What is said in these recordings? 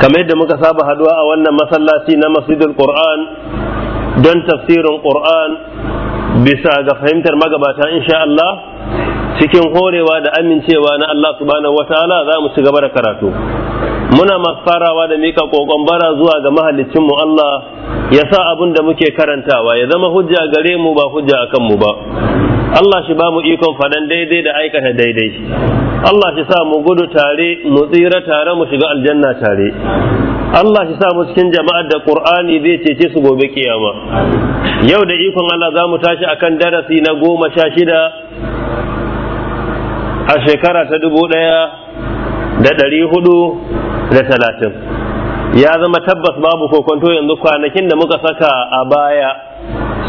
kamar yadda muka saba haduwa a wannan masallaci na masjidul qur'an don tafsirin qur'an bisa ga fahimtar magabata insha Allah cikin horewa da amincewa na Allah subhanahu wataala za mu ci gaba da karatu muna farawa da mika kokon bara zuwa ga mahallicin mu Allah ya sa abin da muke karantawa ya zama hujja gare mu ba hujja akan mu ba Allah shi ba mu ikon fadan daidai da aikata daidai Allah shi sa mu gudu tare mu tsira tare mu shiga aljanna tare Allah shi sa mu cikin jama'ar da Qur'ani zai cece su gobe kiyama yau da ikon Allah za mu tashi akan darasi na goma sha shida a shekara ta dubu ɗaya da ɗari hudu da talatin ya zama tabbas babu kokonto yanzu kwanakin da muka saka a baya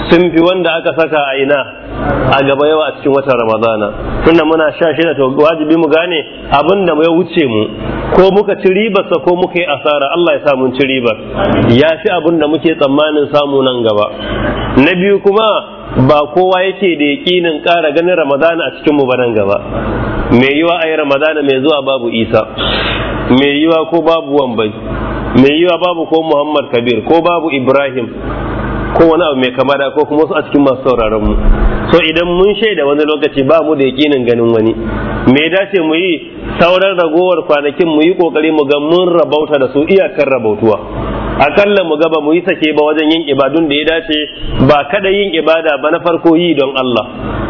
sun fi wanda aka saka a ina a gaba yawa a cikin watan ramadana tunda muna sha shida to wajibi mu gane abin da ya wuce mu ko muka ci ribarsa ko muka yi asara Allah ya sa mun ci ribar ya fi abin da muke tsammanin samu nan gaba na biyu kuma ba kowa yake da yakinin ƙara ganin ramadana a cikin mu ba nan gaba mai yiwa a yi ramadana mai zuwa babu isa mai yiwa ko babu wambai mai yiwa babu ko muhammad kabir ko babu ibrahim ko wani abu mai kama da ko kuma su a cikin masu sauraron mu so idan mun shaida wani lokaci ba mu da yakinin ganin wani me dace mu yi sauran ragowar kwanakin mu yi kokari mu ga mun rabauta da su iyakar rabautuwa akalla mu gaba mu yi sake ba wajen yin ibadun da ya dace ba kada yin ibada ba na farko yi don Allah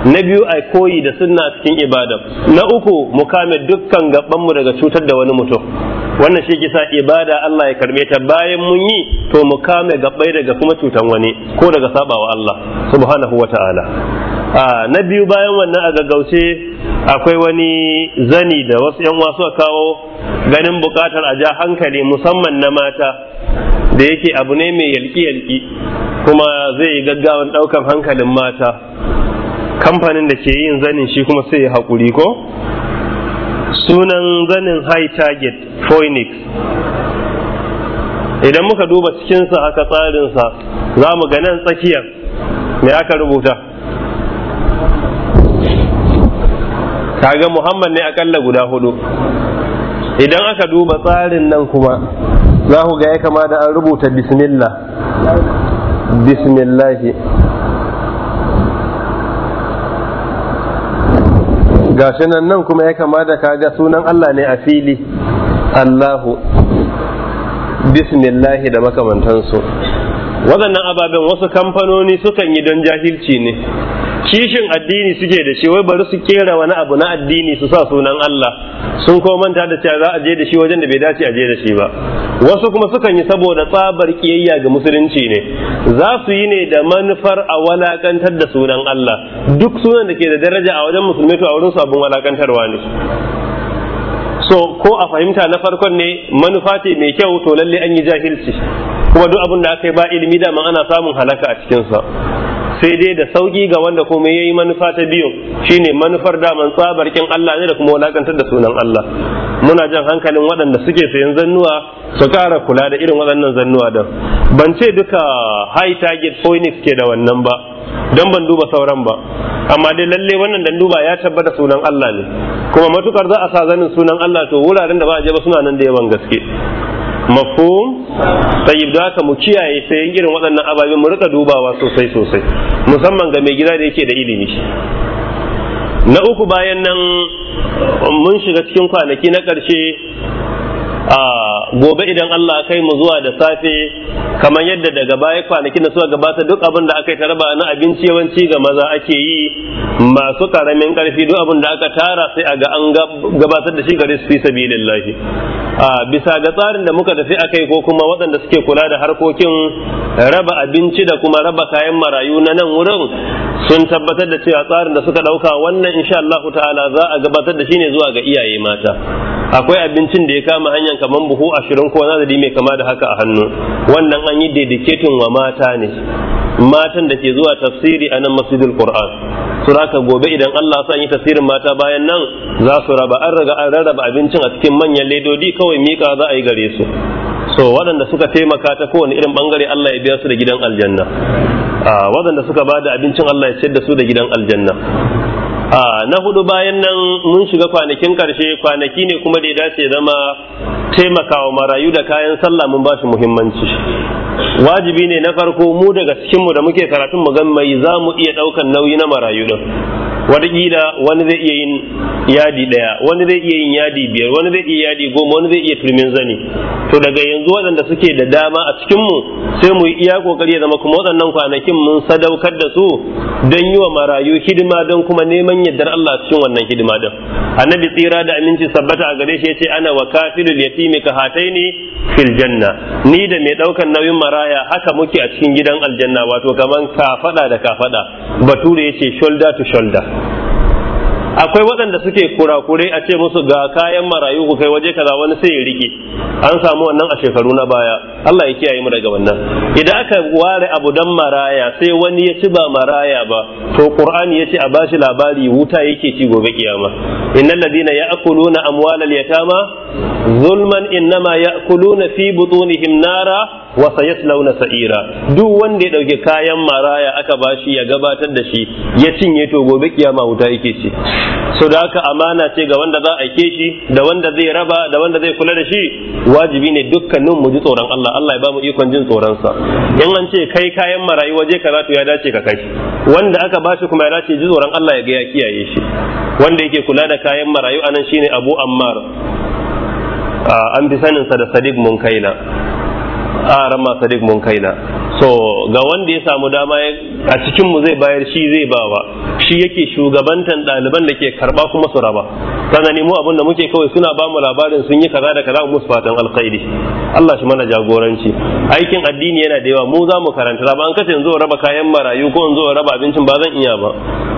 na biyu a koyi da sunna cikin ibada na uku mu kame dukkan gaban mu daga cutar da wani mutum wannan shi kisa ibada Allah ya karbe ta bayan mun yi to mu kame gabai daga kuma cutan wani ko daga sabawa Allah subhanahu wataala na biyu bayan wannan a gaggauce akwai wani zani da wasu yan wasu kawo ganin bukatar a ja hankali musamman na mata da yake abu ne mai yalki-yalki kuma zai yi gaggawan ɗaukar hankalin mata kamfanin da ke yin zanin shi kuma sai ya haƙuri ko sunan zanin high target phoenix idan muka duba cikinsa aka tsarinsa za mu ga nan tsakiyar me aka rubuta kaga muhammad ne akalla guda hudu idan aka duba tsarin nan kuma za ku ga ya kama da an rubuta bismillah bismillahi gashi nan nan kuma ya kama da kaga sunan Allah ne a fili Allahu bismillahi da makamantansu waɗannan ababen wasu kamfanoni sukan yi don jahilci ne kishin addini suke da shi wai bari su kera wani abu na addini su sa sunan Allah sun ko manta da cewa za a je da shi wajen da bai dace a je da shi ba wasu kuma sukan yi saboda tsabar kiyayya ga musulunci ne za su yi ne da manufar a walakantar da sunan Allah duk sunan da ke da daraja a wajen musulmi to a wurin su abun walakantarwa ne so ko a fahimta na farkon ne manufa ce mai kyau to lalle an yi jahilci kuma duk abin da aka yi ba ilimi da ana samun halaka a cikinsa sai dai da sauki ga wanda kuma ya yi manufa ta biyu shine manufar daman tsabar kin Allah ne da kuma wulakantar da sunan Allah muna jan hankalin waɗanda suke sayan zannuwa su ƙara kula da irin waɗannan zannuwa don ban ce duka high target phoenix ke da wannan ba Don ban duba sauran ba amma dai lalle wannan dan duba ya tabbata sunan Allah ne kuma matukar za a sa zanin sunan Allah to wuraren da ba a je ba suna nan da yawan gaske mafhum tayyib da ka mu kiyaye sai irin waɗannan ababen mu rika dubawa sosai sosai musamman ga mai gida da yake da ilimi na uku bayan nan mun shiga cikin kwanaki na ƙarshe a gobe idan Allah kai mu zuwa da safe kamar yadda daga baya kwanakin da suka gabata duk abin da aka yi taraba na abinci yawanci ga maza ake yi masu karamin karfi duk abin da aka tara sai a ga an gabatar da shi gare su fi sabilillahi a bisa ga tsarin da muka tafi akai ko kuma waɗanda suke kula da harkokin raba abinci da kuma raba kayan marayu na nan wurin sun tabbatar da cewa tsarin da suka ɗauka wannan insha Allah ta'ala za a gabatar da shi ne zuwa ga iyaye mata akwai abincin da ya kama hanyar kamar buhu ashirin ko nazari mai kama da haka a hannu wannan an yi dedicating wa mata ne matan da ke zuwa tafsiri a nan masjidul qur'an su raka gobe idan Allah sa yi tafsirin mata bayan nan za su raba an raga an rarraba abincin a cikin manyan ledodi kawai mika za a yi gare su so waɗanda suka taimaka ta kowane irin bangare Allah ya biya su da gidan aljanna ah, waɗanda suka ba da abincin Allah ya ciyar da su da gidan aljanna na hudu bayan nan mun shiga kwanakin karshe kwanaki ne kuma da ya dace zama taimakawa marayu da kayan sallah mun ba shi muhimmanci wajibi ne na farko mu daga cikin mu da muke karatun mu mai za mu iya daukan nauyi na marayu din gida wani zai iya yin yadi daya wani zai iya yin yadi biyar wani zai iya yadi goma wani zai iya turmin zani to daga yanzu waɗanda suke da dama a cikin mu sai mu yi iya kokari ya zama kuma waɗannan kwanakin mun sadaukar da su don yi wa marayu hidima don kuma neman yaddar Allah cikin wannan hidima din annabi tsira da aminci sabbata a gare shi ya ce ana wa kafilul yatimi ka hataini fil janna ni da mai daukan nauyin maraya aya haka muke a cikin gidan aljanna wato kaman kafaɗa da kafaɗa. bature yace shoulder to shoulder akwai waɗanda suke kurakurai a ce musu ga kayan marayu ku kai waje kaza wani sai ya rike an samu wannan a shekaru na baya Allah ya kiyaye mu daga wannan idan aka ware abu dan maraya sai wani ya ci ba maraya ba to qur'ani yace a bashi labari wuta yake ci gobe kiyama innal ladina ya'kuluna amwalal yatama zulman innama ya'kuluna fi butunihim nara wa sayaslawna sa'ira duk wanda ya dauke kayan maraya aka bashi ya gabatar da shi ya cinye to gobe kiyama wuta yake ci so da haka amana ce ga wanda za a aike shi da wanda zai raba da wanda zai kula da shi wajibi ne dukkanin mu ji tsoron Allah Allah ya ba mu ikon jin tsoron sa in an ce kai kayan marayu waje ka zato ya dace ka kai wanda aka ba shi kuma ya dace ji tsoron Allah ya ga ya kiyaye shi wanda yake kula da kayan marayu anan shine Abu Ammar ah, an fi saninsa da Sadiq Munkaila a ah, rama Sadiq Munkaila to ga wanda ya samu dama a cikin mu zai bayar shi zai bawa shi yake shugabantan ɗaliban da ke karba kuma su raba kana nemo abin da muke kawai suna ba mu labarin sun yi kaza da kaza musu fatan alkhairi Allah shi mana jagoranci aikin addini yana da yawa mu za mu karanta ba an kace yanzu raba kayan marayu ko yanzu raba abincin ba zan iya ba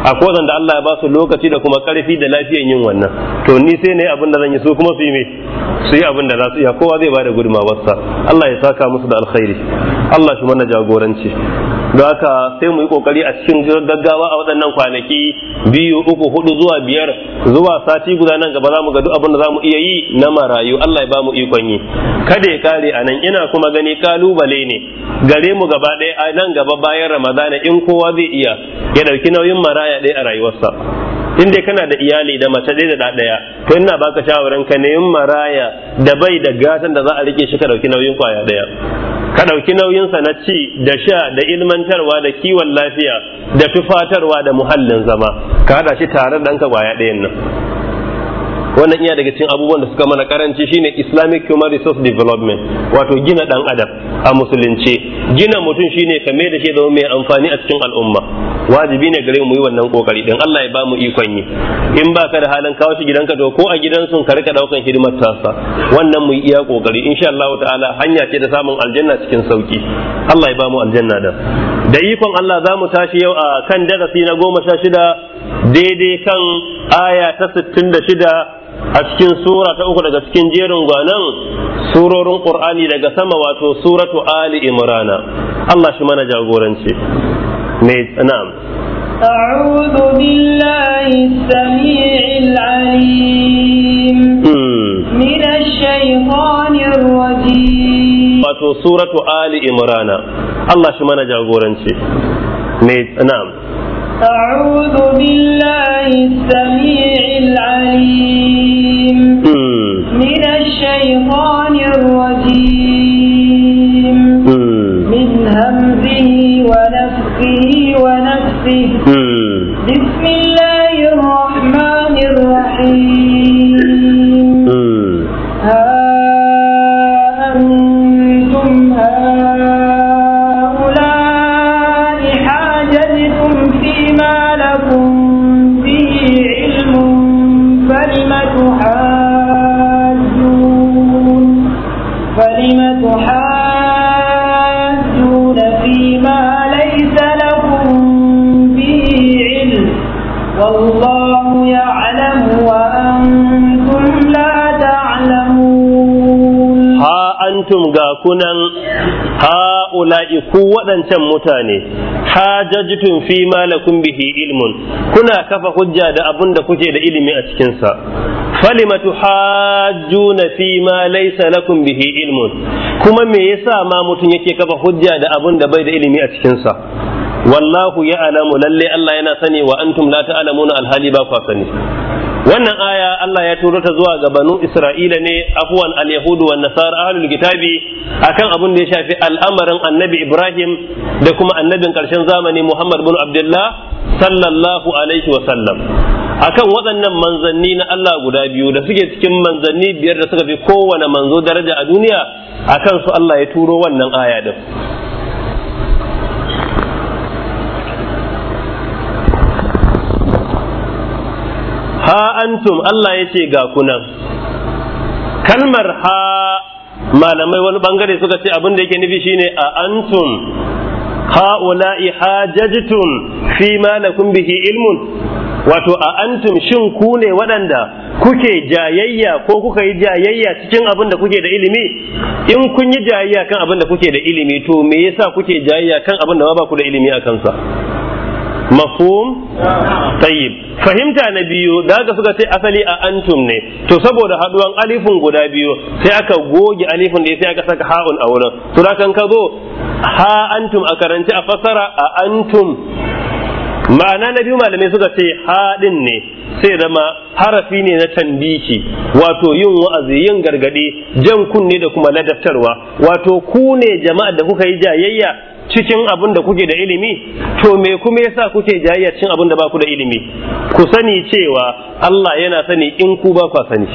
akwai da Allah ya ba su lokaci da kuma karfi da lafiyan yin wannan to ni sai ne abin da zan yi su kuma su yi me su yi abin da za su iya kowa zai bada da gudumawarsa Allah ya saka musu da alkhairi Allah shi mana jagoranci don haka sai mu yi kokari a cikin gaggawa a waɗannan kwanaki biyu uku hudu zuwa biyar zuwa sati guda nan gaba za mu ga duk abin da za mu iya yi na marayu Allah ya ba mu ikon yi kada ya kare a nan ina kuma gani kalubale ne gare mu gaba ɗaya a nan gaba bayan ramadana in kowa zai iya ya ɗauki nauyin maraya ɗaya a rayuwarsa in dai kana da iyali da mace ɗaya da ɗaya to ina baka shawaran ka neman maraya da bai da gatan da za a rike shi ka ɗauki nauyin kwaya ɗaya ka ɗauki nauyinsa na ci da sha da ilmantarwa da kiwon lafiya da tufatarwa da muhallin zama ka haɗa shi tare ɗanka ɗayan nan wannan iya daga cikin abubuwan da suka mana karanci shine islamic human resource development wato gina dan adam a musulunci gina mutum shine ka da shi da mai amfani a cikin al'umma wajibi ne gare mu yi wannan kokari Dan Allah ya ba mu ikon yi in baka da halin kawo shi gidanka to ko a gidan ka karka daukan hidimar tasa wannan mu yi iya kokari insha Allah ta'ala hanya ce da samun aljanna cikin sauki Allah ya ba aljanna da da ikon Allah za mu tashi yau a kan darasi na goma sha shida daidai kan aya ta sittin da shida a cikin sura ta uku daga cikin jerin gwanan surorin qur'ani daga sama wato suratu ali imrana Allah shi mana jagoranci mai na'am أعوذ بالله السميع العليم من الشيطان الرجيم wato suratu ali imrana Allah shi mana jagoranci mai na'am أعوذ بالله السميع العليم من الشيطان الرجيم من همزه ونفخه ونفسه bakunan ha'ula'i ku waɗancan mutane hajajtun fi ma bihi ilmun kuna kafa hujja da abun da kuke da ilimi a cikin falimatu hajjuna fi ma laysa lakum bihi ilmun kuma me yasa ma mutum yake kafa hujja da abunda da bai da ilimi a cikinsa? wallahu ya alamu lalle Allah yana sani wa antum la ta'lamuna alhali ba ku sani wannan aya Allah ya turo ta zuwa ga banu Isra'ila ne afwan al-yahudu wan nasara ahlul kitabi akan abun da ya shafi al'amarin annabi Ibrahim da kuma annabin karshen zamani Muhammad bin Abdullah sallallahu alaihi wa sallam akan waɗannan manzanni na Allah guda biyu da suke cikin manzanni biyar da suka fi kowane manzo daraja a duniya akan su Allah ya turo wannan aya din ha antum Allah ya ce ga kunan kalmar ha malamai wani bangare suka ce abin da yake nufi shine a antum ha'ula'i hajajtum fi ma lakum bihi ilmun wato a antum shin ku ne waɗanda kuke jayayya ko kuka yi jayayya cikin abin da kuke da ilimi in kun yi jayayya kan abin da kuke da ilimi to me yasa kuke jayayya kan abin da ba ku da ilimi a kansa mafhum tayyib fahimta na biyu daga suka ce asali a antum ne to saboda haduwan alifin guda biyu sai aka goge alifin da sai aka saka ha'un a wurin to da kan ka zo ha antum a karanci a fasara a antum ma'ana na biyu malamai suka ce haɗin ne sai zama harafi ne na tambiki wato yin wa'azi yin gargaɗi jan kunne da kuma ladattarwa wato ku ne jama'a da kuka yi jayayya cikin abin da kuke da ilimi to me kuma yasa kuke jayayya cikin abin da ba ku da ilimi ku sani cewa Allah yana sani in ku ba ku sani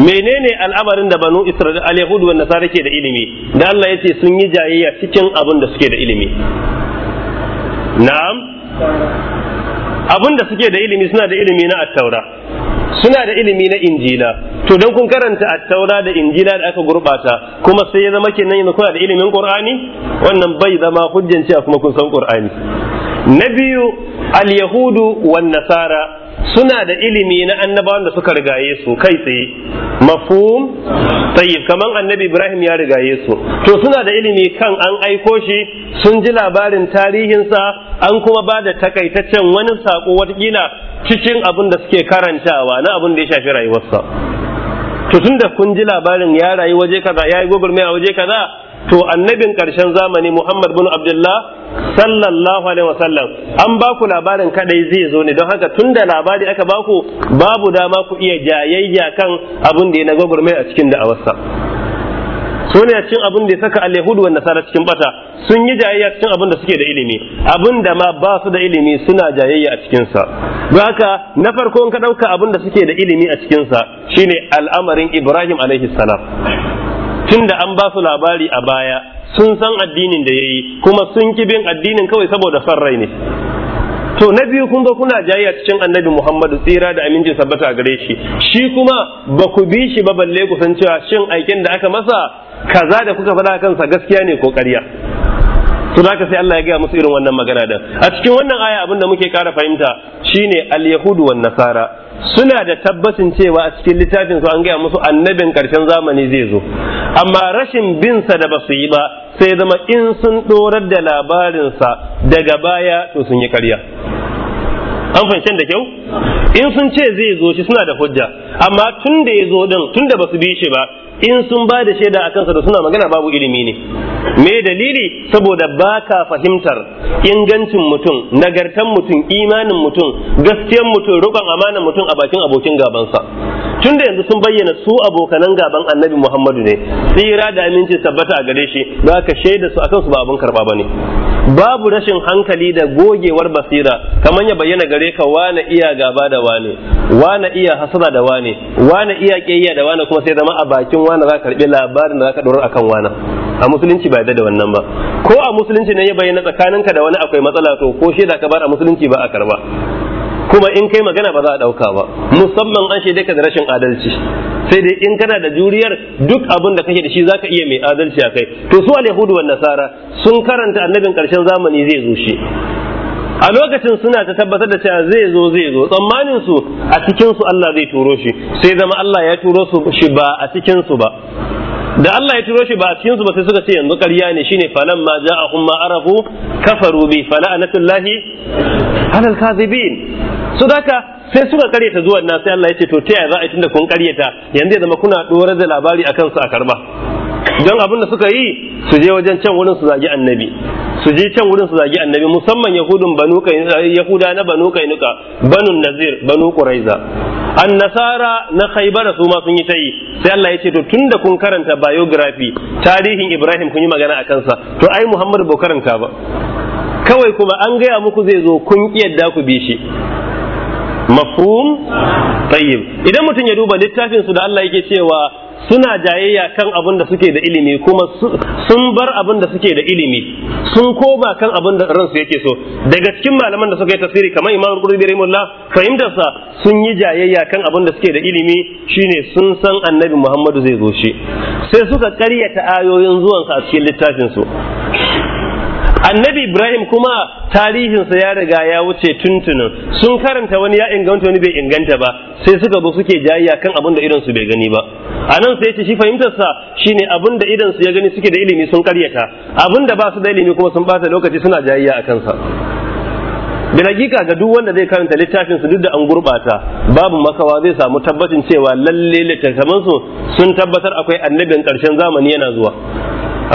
menene al'amarin da banu Isra'il al yahud wa nasara ke da ilimi da Allah yace sun yi jayayya cikin abin da suke da ilimi na'am abin da suke da ilimi suna da ilimi na at-taura suna da ilimi na injila to don kun karanta attaura da injila da aka gurbata kuma sai ya zama kenan yanzu kuna da ilimin qur'ani wannan bai zama hujjan a kuma kun san qur'ani na biyu al yahudu wan nasara suna da ilimi na annabawan da suka rigaye su kai tsaye mafhum tayyib kaman annabi Ibrahim ya rigaye su to suna da ilimi kan an aiko shi sun ji labarin tarihinsa an kuma ba da takaitaccen wani sako watakila cikin abin da suke karantawa na abin da ya shafi rayuwarsa to da kun ji labarin ya rayu waje kaza ya yi a waje kaza to annabin karshen zamani Muhammad bin Abdullah sallallahu alaihi wasallam an ba ku labarin kadai zai zo ne don haka tunda labari aka ba ku babu dama ku iya jayayya kan abin da ya na gwagwarmai a cikin da'awarsa su ne cikin abin da ya saka alaihud wa nasara cikin bata sun yi jayayya cikin abin da suke da ilimi abin da ma ba su da ilimi suna jayayya a cikinsa don haka na farko in ka ɗauka abin da suke da ilimi a cikinsa shine al'amarin ibrahim alaihi salam tun an ba su labari a baya sun san addinin da yayi kuma sun ki bin addinin kawai saboda son rai ne to na biyu kun ga kuna jayayya cikin annabi Muhammadu tsira da aminci sabbata gare shi shi kuma ba ku bi shi ba balle ku san cewa shin aikin da aka masa kaza da kuka faɗa kansa gaskiya ne ko ƙarya to zaka sai Allah ya gaya musu irin wannan magana din a cikin wannan aya abin da muke kara fahimta shine al-yahudu wan nasara suna da tabbacin cewa a cikin littafin su an gaya musu annabin karshen zamani zai zo amma rashin bin sa da basu yi ba sai zama in sun dorar da labarin sa daga baya to sun yi karya an fahimci da kyau in sun ce zai zo shi suna da hujja amma tun da ya zo din tun da basu bi shi ba in sun ba da shaida a kansa da suna magana babu ilimi ne me dalili saboda ba ka fahimtar ingancin mutum nagartan mutum imanin mutum gaskiyan mutum rukon amanan mutum a bakin abokin gabansa tun da yanzu sun bayyana su abokanan gaban annabi muhammadu ne tsira da aminci tabbata a gare shi ba ka shaida su akan su ba abin karba ba ne babu rashin hankali da gogewar basira kamar ya bayyana gare ka wane iya gaba da wane wane iya hasada da wane wane iya kiyayya da wane kuma sai zama a bakin wani za ka karbi labarin da za ka dorar akan wani a musulunci ba da wannan ba ko a musulunci ne ya bayyana tsakaninka da wani akwai matsala to ko shaida ka bar a musulunci ba a karba kuma in kai magana ba za a dauka ba musamman an shaida ka da rashin adalci sai dai in kana da juriyar duk abin da kake da shi zaka iya mai adalci a kai to su al-yahudu wan nasara sun karanta annabin karshen zamani zai zo shi a lokacin suna ta tabbatar da cewa zai zo zai zo tsammanin su a cikin su Allah zai turo shi sai zama Allah ya turo su shi ba a cikin su ba da Allah ya turo shi ba a cikin su ba sai suka ce yanzu ƙarya ne shine falan ma hum ma arafu kafaru bi fala'anatullahi alal kadhibin so daka sai suka karyata zuwan nan sai Allah ya ce to ta yaya za a yi tunda kun karyata yanzu ya zama kuna ɗorar da labari akan su a karba don abin da suka yi su je wajen can wurin su zagi annabi su je can wurin su zagi annabi musamman yahudun banu yahuda na banu kainuka banu nazir banu quraiza an nasara na khaybara su ma sun yi tayi, sai Allah ya ce to tunda kun karanta biography tarihin Ibrahim kun yi magana a kansa to ai Muhammad bai karanta ba kawai kuma an gaya muku zai zo kun yadda ku bi shi mafhum tayyib idan mutum ya duba littafin su da Allah yake cewa suna jayayya kan abin da suke da ilimi kuma sun bar abin da suke da ilimi sun koma kan abin da ransu yake so daga cikin malaman da suka yi tasiri kamar imam qurtubi rahimahullah fahimtarsa sun yi jayayya kan abin da suke da ilimi shine sun san annabi muhammadu zai zo shi sai suka karyata ayoyin zuwansa a cikin littafin su annabi ibrahim kuma tarihinsa ya riga ya wuce tuntunin sun karanta wani ya inganta wani bai inganta ba sai suka zo suke jayayya kan abin da su bai gani ba a nan sai ce shi fahimtarsa shine abin da su ya gani suke da ilimi sun karyata abin da ba su da ilimi kuma sun bata lokaci suna jayayya a kansa bin hakika ga duk wanda zai karanta littafin su duk da an gurbata babu makawa zai samu tabbacin cewa lalle su sun tabbatar akwai annabin karshen zamani yana zuwa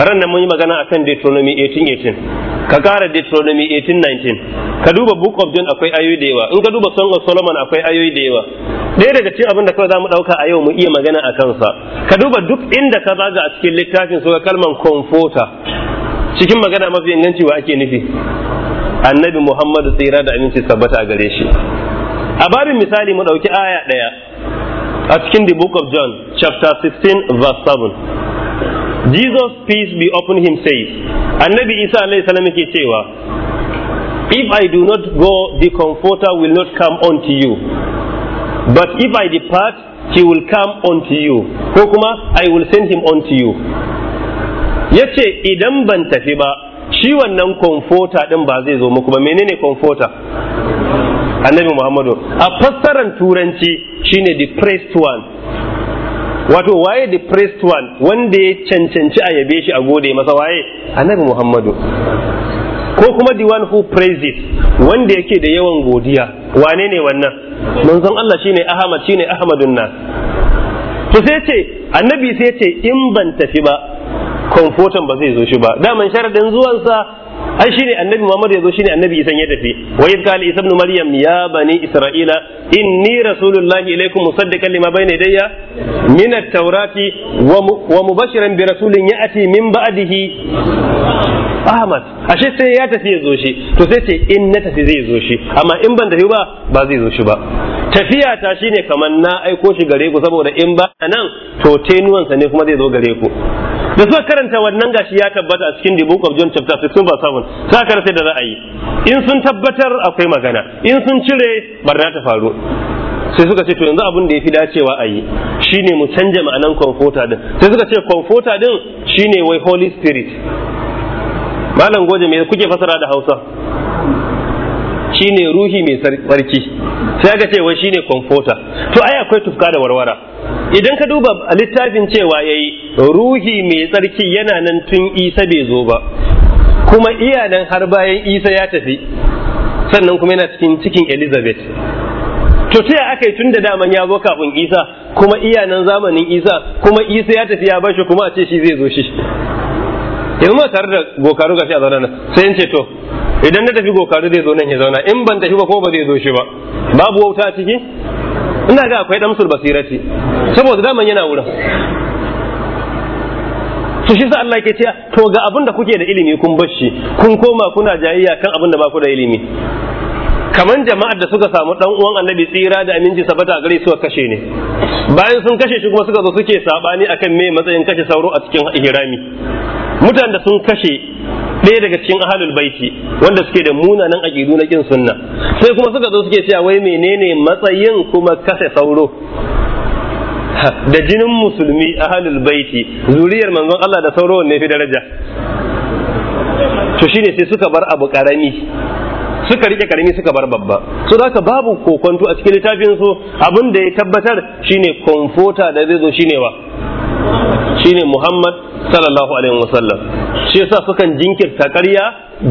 ran nan mun yi magana akan Deuteronomy 18:18 ka kara Deuteronomy 18:19 ka duba Book of John akwai ayoyi da yawa in ka duba Song of Solomon akwai ayoyi da yawa ɗaya daga cikin abin da kawai za mu ɗauka a yau mu iya magana a kansa ka duba duk inda ka zaga a cikin littafin su kalman comforter cikin magana mafi inganci wa ake nufi annabi Muhammadu tsira da aminci sabbata a gare shi a babin misali mu ɗauki aya ɗaya a cikin the book of John chapter 16 verse Jesus peace be upon him says annabi Isa alaihi salam yake cewa if I do not go the comforter will not come unto you but if I depart he will come unto you ko kuma I will send him unto you yace idan ban tafi ba shi wannan comforter din ba zai zo muku ba menene comforter annabi Muhammadu a fassaran turanci shine the pressed one wato waye the priest one wanda ya cancanci a yabe shi a gode masa waye annabi muhammadu ko kuma the one who praises wanda yake da yawan godiya wane ne wannan manzon Allah shine ahmad shine ahmadun nas to sai ce annabi sai ce in ban tafi ba komfotan ba zai zo shi ba daman sharadin zuwansa ai shine annabi Muhammad yazo shine annabi isan ya tafi wa yadda ali ibn maryam ya bani isra'ila inni rasulullahi ilaykum musaddiqan lima bayna yadayya min at-taurati wa mubashiran bi rasulin ya'ti min ba'dihi Ahmad ashe sai ya tafi ya shi to sai ce in na tafi zai zo shi amma in ban tafi ba ba zai zo shi ba tafiya ta shine kamar na aiko shi gare ku saboda in ba nan to tenuwansa ne kuma zai zo gare ku da suka karanta wannan gashi ya tabbata a cikin the book of John chapter 16 verse 7 suka karanta da ra'ayi in sun tabbatar akwai magana in sun cire barna ta faru sai suka ce to yanzu abin da ya fi dacewa a yi shine mu canja ma'anan comforter din sai suka ce comforter din shine wai holy spirit malam goje me kuke fasara da Hausa shine ruhi mai sarki, sai aka ce wai shine comforter to ai akwai tufka da warwara idan ka duba a littafin cewa ya yi, ruhi mai tsarki yana nan tun isa bai zo ba kuma iya nan har bayan isa ya tafi sannan kuma yana cikin cikin elizabeth to ta aka yi tun da daman ya zo kafin isa kuma iya nan zamanin isa kuma isa ya tafi ya bashi kuma a ce shi zai zo shi yanzu ma tare da gokaru gashi a zauna nan sai in ce to idan na tafi gokaru zai zo nan ya zauna in ban tafi ba ko ba zai zo shi ba babu wauta ciki ina ga akwai damsul basirati saboda daman yana wurin su shi sa Allah ke cewa to ga abin da kuke da ilimi kun bar shi kun koma kuna jayayya kan abin da ba ku da ilimi kaman jama'ar da suka samu dan uwan annabi tsira da aminci sabata gare su kashe ne bayan sun kashe shi kuma suka zo suke sabani akan me matsayin kashe sauro a cikin hirami. mutanen da sun kashe ɗaya daga cikin ahalul baiti wanda suke da munanan aƙidu na kin sunna sai kuma suka zo suke cewa wai menene matsayin kuma kasa sauro da jinin musulmi ahalul baiti zuriyar manzon Allah da sauro ne fi daraja to shine sai suka bar abu karami suka rike karami suka bar babba so zaka babu kokonto a cikin littafin su abin da ya tabbatar shine komfota da zai zo shine wa shine Muhammad sallallahu alaihi wasallam shi yasa sukan jinkirta ƙarya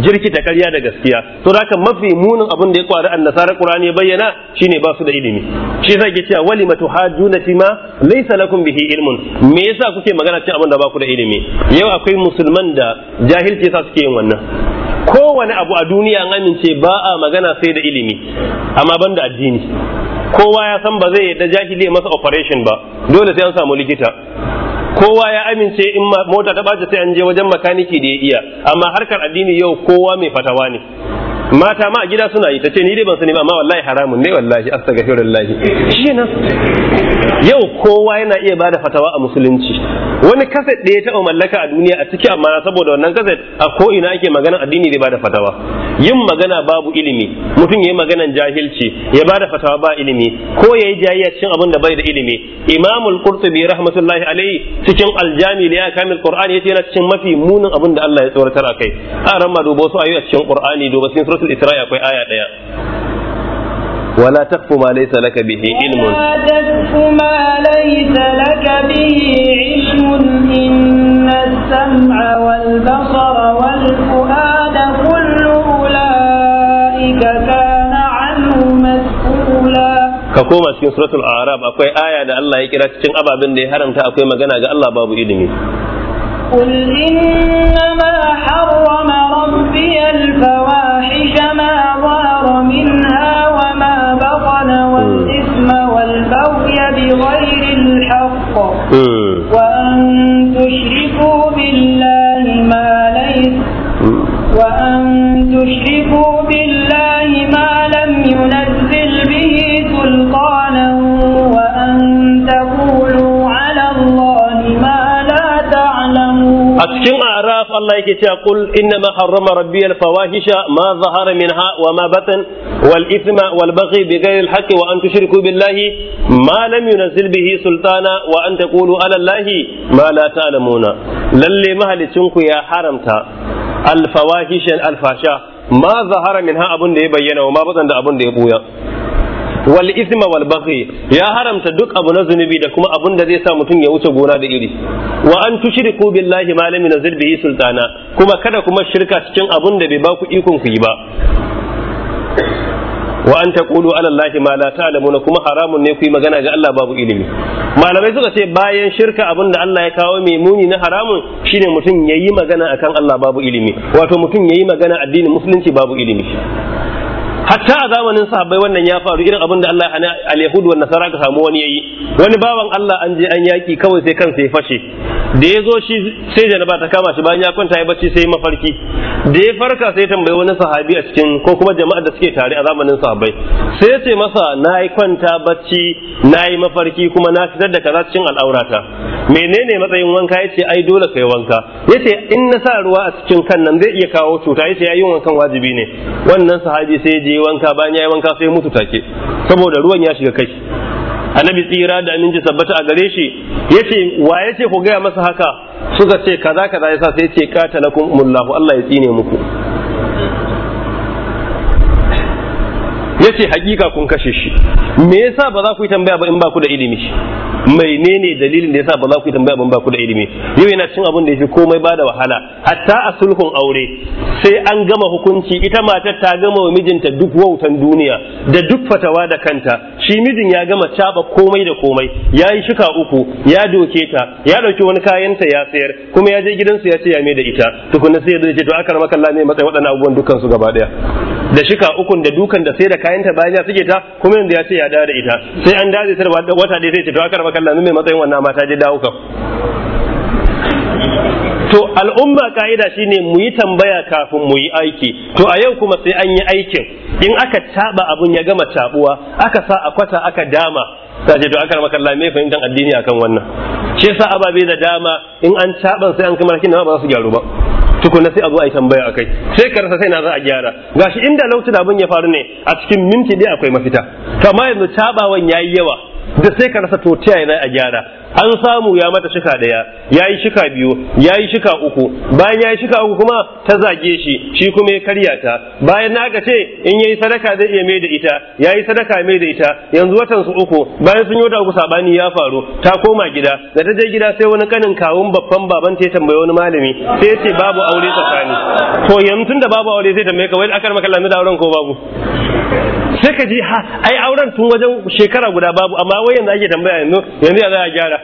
jirkita ƙarya da gaskiya to haka mafi munin abin da ya kwari annasara qur'ani bayyana shine ba su da ilimi shi yasa yake cewa wali matuhajuna fi ma laysa lakum bihi ilmun me yasa kuke magana cikin abin da ba ku da ilimi yau akwai musulman da jahilci yasa suke yin wannan kowane abu a duniya an amince ba a magana sai da ilimi amma banda addini kowa ya san ba zai da jahili masa operation ba dole sai an samu likita kowa ya amince in mota ta bace sai an je wajen makaniki da ya iya amma harkar addini yau kowa mai fatawa ne mata ma a gida suna yi ta ce ni dai ban sani ba amma wallahi haramun ne wallahi astaghfirullah shikenan yau kowa yana iya bada fatawa a musulunci wani kaset da ya taɓa mallaka a duniya a ciki amma saboda wannan kaset a ko ina ake magana addini zai bada fatawa yin magana babu ilimi mutum ya yi maganan jahilci ya ba da fatawa ba ilimi ko ya yi jayayya cikin abin da bai da ilimi imamul qurtubi rahmatullahi alaihi cikin aljami da ya kamil qur'ani yace yana cikin mafi munin abin da Allah ya tsoratar akai a ran ma dubo su ayoyi a cikin qur'ani dubo cikin suratul isra'i akwai aya daya ولا تخف ما ليس لك به علم ولا تخف ما ليس لك به علم إن السمع والبصر والفؤاد كل ka koma cikin suratul arab akwai aya da Allah ya kira cikin ababen da ya haramta akwai magana ga Allah babu ilimi قل إنما حرم ربي الفواحش ما ظهر منها وما بطن والإثم والبغي بغير الحق وأن تشركوا بالله ما ليس وأن تشركوا بالله ما ليس سلطانا وأن تقولوا على الله ما لا تعلمون أتكين أعراف الله يكي قل إنما حرم ربي الفواحش ما ظهر منها وما بطن والإثم والبغي بغير الحق وأن تشركوا بالله ما لم ينزل به سلطانا وأن تقولوا على الله ما لا تعلمون للي مهلتنكو يا حرمتا الفواحش الفاشا ma zahara min ha abun da ya bayyana wa ma batsan da abun da ya buya wal isma wal baghi ya haramta duk abu na zunubi da kuma abun da zai sa mutum ya wuce gona da iri wa an tushriku billahi ma lam yunzil bihi sultana kuma kada kuma shirka cikin abun da bai ba ku ikon ku yi ba wa an taqulu ala allahi ma la ta'lamuna kuma haramun ne ku yi magana ga Allah babu ilimi malamai suka ce bayan shirka abun da Allah ya kawo mai muni na haramun shine mutum yayi magana akan Allah babu ilimi wato mutum yayi magana addinin musulunci babu ilimi hatta a zamanin sahabbai wannan ya faru irin abin da Allah ya al-yahud wa nasara ka samu wani yayi wani bawan Allah an je an yaki kawai sai kansa ya fashe da ya zo shi sai janaba ta kama shi bayan ya kwanta ya bacci sai mafarki da ya farka sai tambayi wani sahabi a cikin ko kuma jama'ar da suke tare a zamanin sahabbai sai ya ce masa na yi kwanta bacci na yi mafarki kuma na fitar da kaza cikin al'aurata menene matsayin wanka ya ce ai dole kai wanka ya in na sa ruwa a cikin kan nan zai iya kawo cuta ya ce wankan wajibi ne wannan sahabi sai ya je yi wanka bayan ya yi wanka sai mutu take saboda ruwan ya shiga kai annabi tsira da aminci sabbata a gare shi yace wa yace ku gaya masa haka suka ce kaza kaza yasa sai yace katalakum mullahu Allah ya tsine muku ce hakika kun kashe shi me yasa ba za ku yi tambaya ba in ba ku da ilimi menene dalilin da yasa ba za ku yi tambaya ba in ba ku da ilimi yau yana cin abin da fi komai ba da wahala hatta a sulhun aure sai an gama hukunci ita matar ta gama wa mijinta duk wautan duniya da duk fatawa da kanta shi mijin ya gama caba komai da komai ya yi shika uku ya doke ta ya dauki wani kayanta ya sayar kuma ya je gidansu ya ce ya mai da ita tukunna sai ya ce to aka ramaka Allah ne matsayin waɗannan abubuwan dukkan su gaba ɗaya? da shika ukun da dukan da sai da kayan ta bayan ya suke ta kuma yanzu ya ce ya dawo da ita sai an dace sai wata ɗaya sai ce to aka raba kallon mai matsayin wannan mata je dawo kam to al'umma ka'ida shine mu yi tambaya kafin mu yi aiki to a yau kuma sai an yi aikin in aka taba abun ya gama tabuwa aka sa a kwata aka dama sai ce to aka maka Allah mai fahimtar addini akan wannan shi yasa ababe da dama in an taban sai an kamar kin ba za su gyaru ba tukuna sai a zo a yi tambaya a kai. sai ka rasa sai na za a gyara gashi inda lautin abin ya faru ne a cikin minti ɗaya akwai mafita to amma yanzu cabawan yi yawa da sai ka rasa to ta yaya za a gyara an samu ya mata shika daya yayi shika biyu yayi shika uku bayan yayi shika uku kuma ta zage shi shi kuma ya karya ta bayan na ga ce in yayi sadaka zai iya mai da ita yayi sadaka mai da ita yanzu watan su uku bayan sun yi wata uku sabani ya faru ta koma gida da ta je gida sai wani kanin kawun babban baban ta tambaye wani malami sai ya ce babu aure tsakani to yanzu da babu aure zai tambaye ka wai akar maka lamu da auren ko babu sai ka ji ha ai auren tun wajen shekara guda babu amma wai yanzu ake tambaya yanzu yanzu ya za a gyara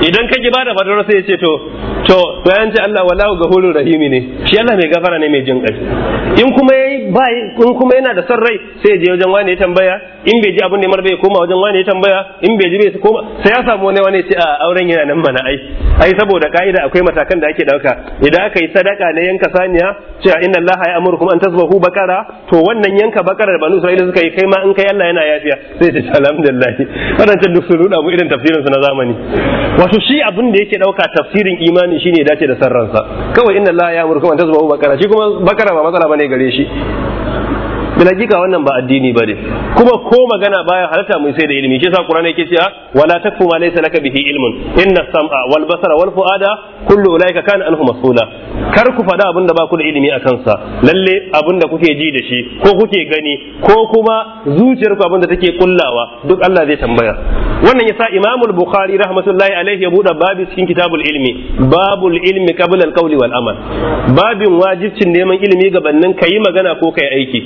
idan ka ki bada fatawa sai ya ce to to bayan yanci Allah wallahu ghafurur rahimi ne shi Allah mai gafara ne mai jin in kuma yayi ba in kuma yana da san rai sai ya je wajen wani ya tambaya in bai ji abin da mar bai koma wajen wani ya tambaya in bai ji bai koma sai ya samu wani wani ce a auren yana nan mana ai ai saboda ka'ida akwai matakan da ake dauka idan aka yi sadaka na yanka saniya cewa inna Allah ya amurkum an tasbahu bakara to wannan yanka bakara da banu Isra'ila suka yi kai ma in kai Allah yana yafiya sai ta alhamdulillah wadancan duk su ruda mu irin tafsirin su na zamani wato shi abin da yake dauka tafsirin imani shine dace da sarransa kawai inna allaha ya amurku an tazbahu bakara shi kuma bakara ba matsala bane gare shi hakika wannan ba addini bane kuma ko magana baya halatta mun sai da ilimi shi yasa qur'ani yake cewa wala takfu ma laysa laka bihi ilmun inna sam'a wal basara wal fuada kullu ulaika kana anhu mas'ula kar ku faɗa abin da ba ku da ilimi a kansa lalle abin da kuke ji da shi ko kuke gani ko kuma zuciyar ku abin da take kullawa duk Allah zai tambaya wannan yasa sa al-Bukhari rahmatullahi alaihi ya buɗe babu cikin kitabul ilmi babul ilmi qabla al-qawli wal amal babin wajibcin neman ilimi gabanin kai magana ko kai aiki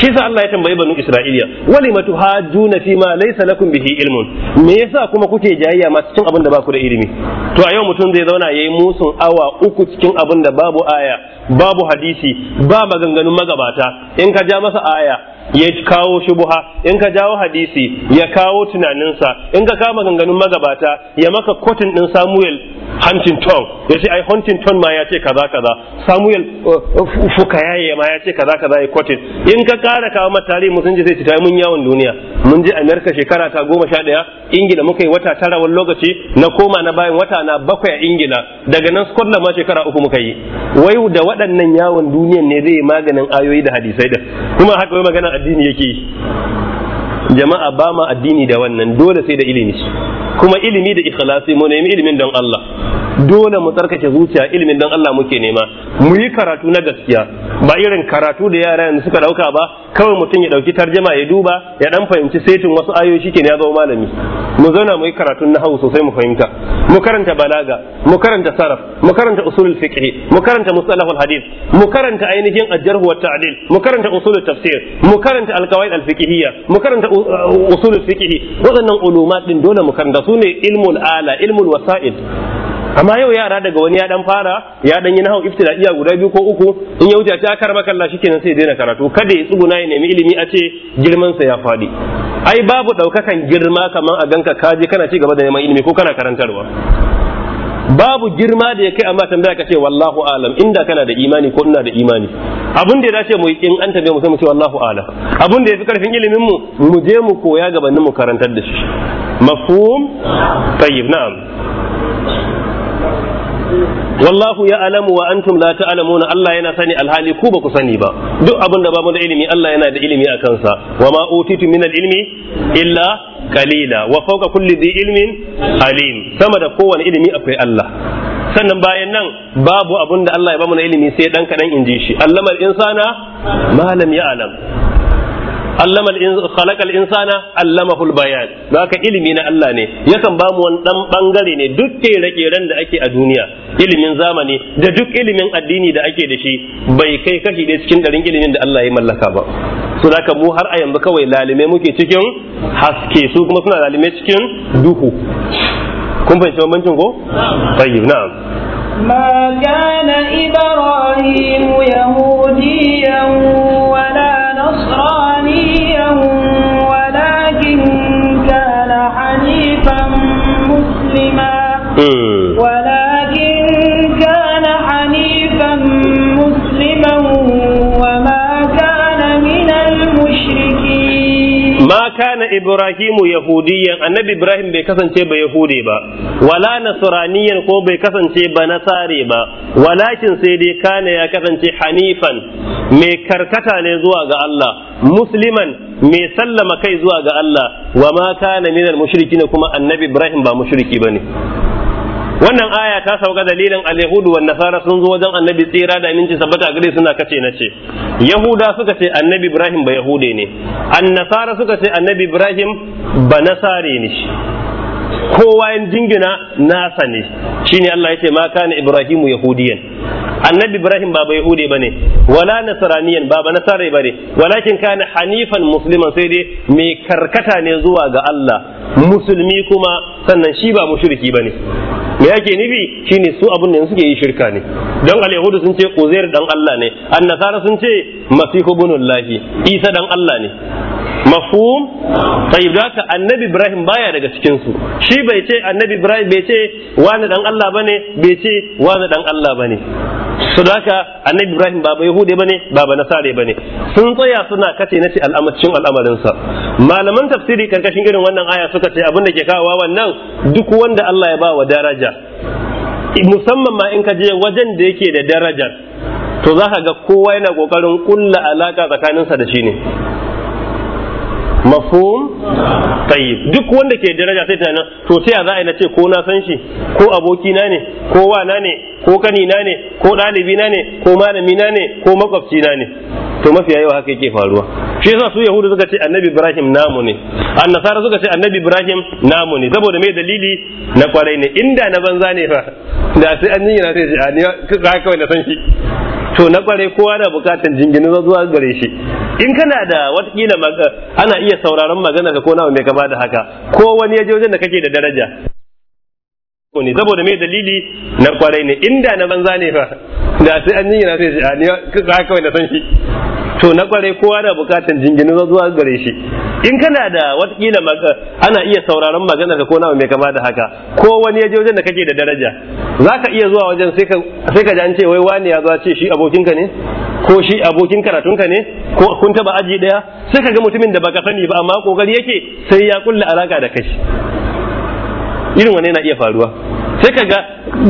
shi sa Allah ya tambayi banu Isra'iliya walima hajuna fi ma laysa lakum bihi ilmun me yasa kuma kuke jayayya masu cikin abin da ba ku da ilimi to a yau mutum zai zauna yayi musun awa uku cikin abin da babu aya babu hadisi ba maganganun magabata in ka ja masa aya ya kawo shubuha in ka jawo hadisi ya kawo tunaninsa in ka kama ganganun magabata ya maka kotun din Samuel Huntington ya ce ai Huntington ma ya ce kaza kaza Samuel uh, uh, yi ma ya ce kaza kaza ya kotun in ka kara kawo matari tarihi musulunci sai ta mun yawon duniya mun je amerika shekara ta goma sha ɗaya Ingila muka yi wata tara wani lokaci na koma na bayan wata na bakwai a Ingila daga nan Scotland ma shekara uku muka yi wai da waɗannan yawon duniyan ne zai yi maganin ayoyi da hadisai da kuma haka wai magana addini yake jama'a ba ma addini da wannan dole sai da ilimi kuma ilimi da ikhlasi mu nemi ilimin don Allah dole mu tsarkake zuciya ilimin don Allah muke nema mu yi karatu na gaskiya ba irin karatu da yara yanzu suka dauka ba kawai mutum ya dauki tarjama ya duba ya dan fahimci setin wasu ayoyi shike ya zama malami mu zauna mu yi karatun hau sosai mu fahimta mu karanta balaga mu karanta saraf mu karanta usulul fiqh mu karanta mustalahul hadith mu karanta ainihin al-jarh wa ta'dil mu karanta usulul tafsir mu karanta al-qawaid mu karanta usul fiqh waɗannan uluma din dole mu karanta su ne ilmul ala ilmul wasa'id amma yau yara daga wani ya dan fara ya dan yi nahau iftira'iya guda biyu ko uku in ya wuce ta kar shi shikenan sai daina karatu kada ya tsuguna ya nemi ilimi a ce girman sa ya fadi ai babu daukakan girma kaman a ganka kaje kana ci gaba da neman ilimi ko kana karantarwa babu girma da ya kai amma tambaya ka ce wallahu alam inda kana da imani ko ina da imani abun da ya dace mu in an tambaye mu sai mu ce wallahu alam abun da yafi karfin ilimin mu mu je mu koya gabanin mu karantar da shi mafhum tayyib na'am wallahu ya alamu wa antum la na Allah yana sani alhali ku ba ku sani ba duk abin da da ilimi Allah yana da ilimi a kansa wa ma utitu min ilmi illa qalila wa fawqa kulli dhi ilmin alim sama da kowane ilimi akwai Allah sannan bayan nan babu abin da Allah ya bamu na ilimi sai dan kadan inji shi allamar insana malam ya alam allama khalaqal insana allamahul bayan don haka ilimi na Allah ne yakan bamu wani dan bangare ne duk kere ran da ake a duniya ilimin zamani da duk ilimin addini da ake da shi bai kai kashi da cikin ɗarin ilimin da Allah ya mallaka ba su da mu har a yanzu kawai lalime muke cikin haske su kuma suna lalime cikin duhu kun fahimci bambancin ko tayyib na'am ma kana ibrahim yahudiyan لهم ولكن كان حنيفا مسلما ولا ma kana ibrahimu yahudiyan annabi ibrahim bai kasance ba Yahudi ba wala nasraniyan ko bai kasance ba nasare ba walakin sai dai kana ya kasance hanifan mai karkata ne zuwa ga Allah musliman mai sallama kai zuwa ga Allah wa ma kana minal mushrikin kuma annabi ibrahim ba mushriki bane wannan aya ta sauka dalilin al-yahudu wan nasara sun zo wajen annabi tsira da aminci sabbata gare suna kace na ce yahuda suka ce annabi ibrahim ba yahude ne an nasara suka ce annabi ibrahim ba nasare ne kowa yin jingina nasa ne shine Allah ya ce ma kana ibrahimu yahudiyan annabi ibrahim ba ba yahudi bane wala nasaraniyan ba ba nasare bane walakin kana hanifan musulman sai dai mai karkata ne zuwa ga Allah musulmi kuma sannan shi ba mushriki bane me yake nufi shine su abun da suke yi shirka ne don al yahudu sun ce uzair dan Allah ne annasara sun ce masihu bunullahi isa dan Allah ne mafhum tayyib haka annabi ibrahim baya daga cikin su shi bai ce annabi ibrahim bai ce wani dan Allah bane bai ce wani dan Allah bane su annabi ibrahim ba bai bane ba ba nasare bane sun tsaya suna kace nace al'amacin al'amarin sa malaman tafsiri karkashin irin wannan aya suka ce abin da ke kawo wannan duk wanda Allah ya ba wa daraja musamman ma in ka je wajen da yake da daraja to za ka ga kowa yana kokarin kulla alaka tsakaninsa da shi ne mafhum tayyib duk wanda ke daraja sai tunanin to sai za a yi na ce ko na san shi ko aboki na ne ko wana ne ko kani ne ko dalibi na ne ko malami na ne ko makwabci na ne to mafiya yawa haka yake faruwa shi yasa su yahudu suka ce annabi ibrahim namu ne annasara suka ce annabi ibrahim namu ne saboda mai dalili na kwarai ne inda na banza ne fa da sai an yi na sai ji a ka kawai na san shi to na kware kowa na bukatan jingini zuwa gare shi in kana da watakila ana iya sauraron magana ka ko na mai kama da haka ko wani ya je wajen da kake da daraja ne saboda mai dalili na kwarai ne inda na banza ne fa da sai an jingina sai a ne ka kawai na san shi to na kwarai kowa na bukatan jingina zuwa gare shi in kana da watakila ana iya sauraron magana ka ko na mai kama da haka ko wani ya je wajen da kake da daraja zaka iya zuwa wajen sai ka sai ka ji an ce wai wani ya zo ce shi abokinka ne ko shi abokin karatunka ne ko kun taba aji daya sai ka ga mutumin da baka sani ba amma kokari yake sai ya kulla alaka da kai irin wani yana iya faruwa sai ka ga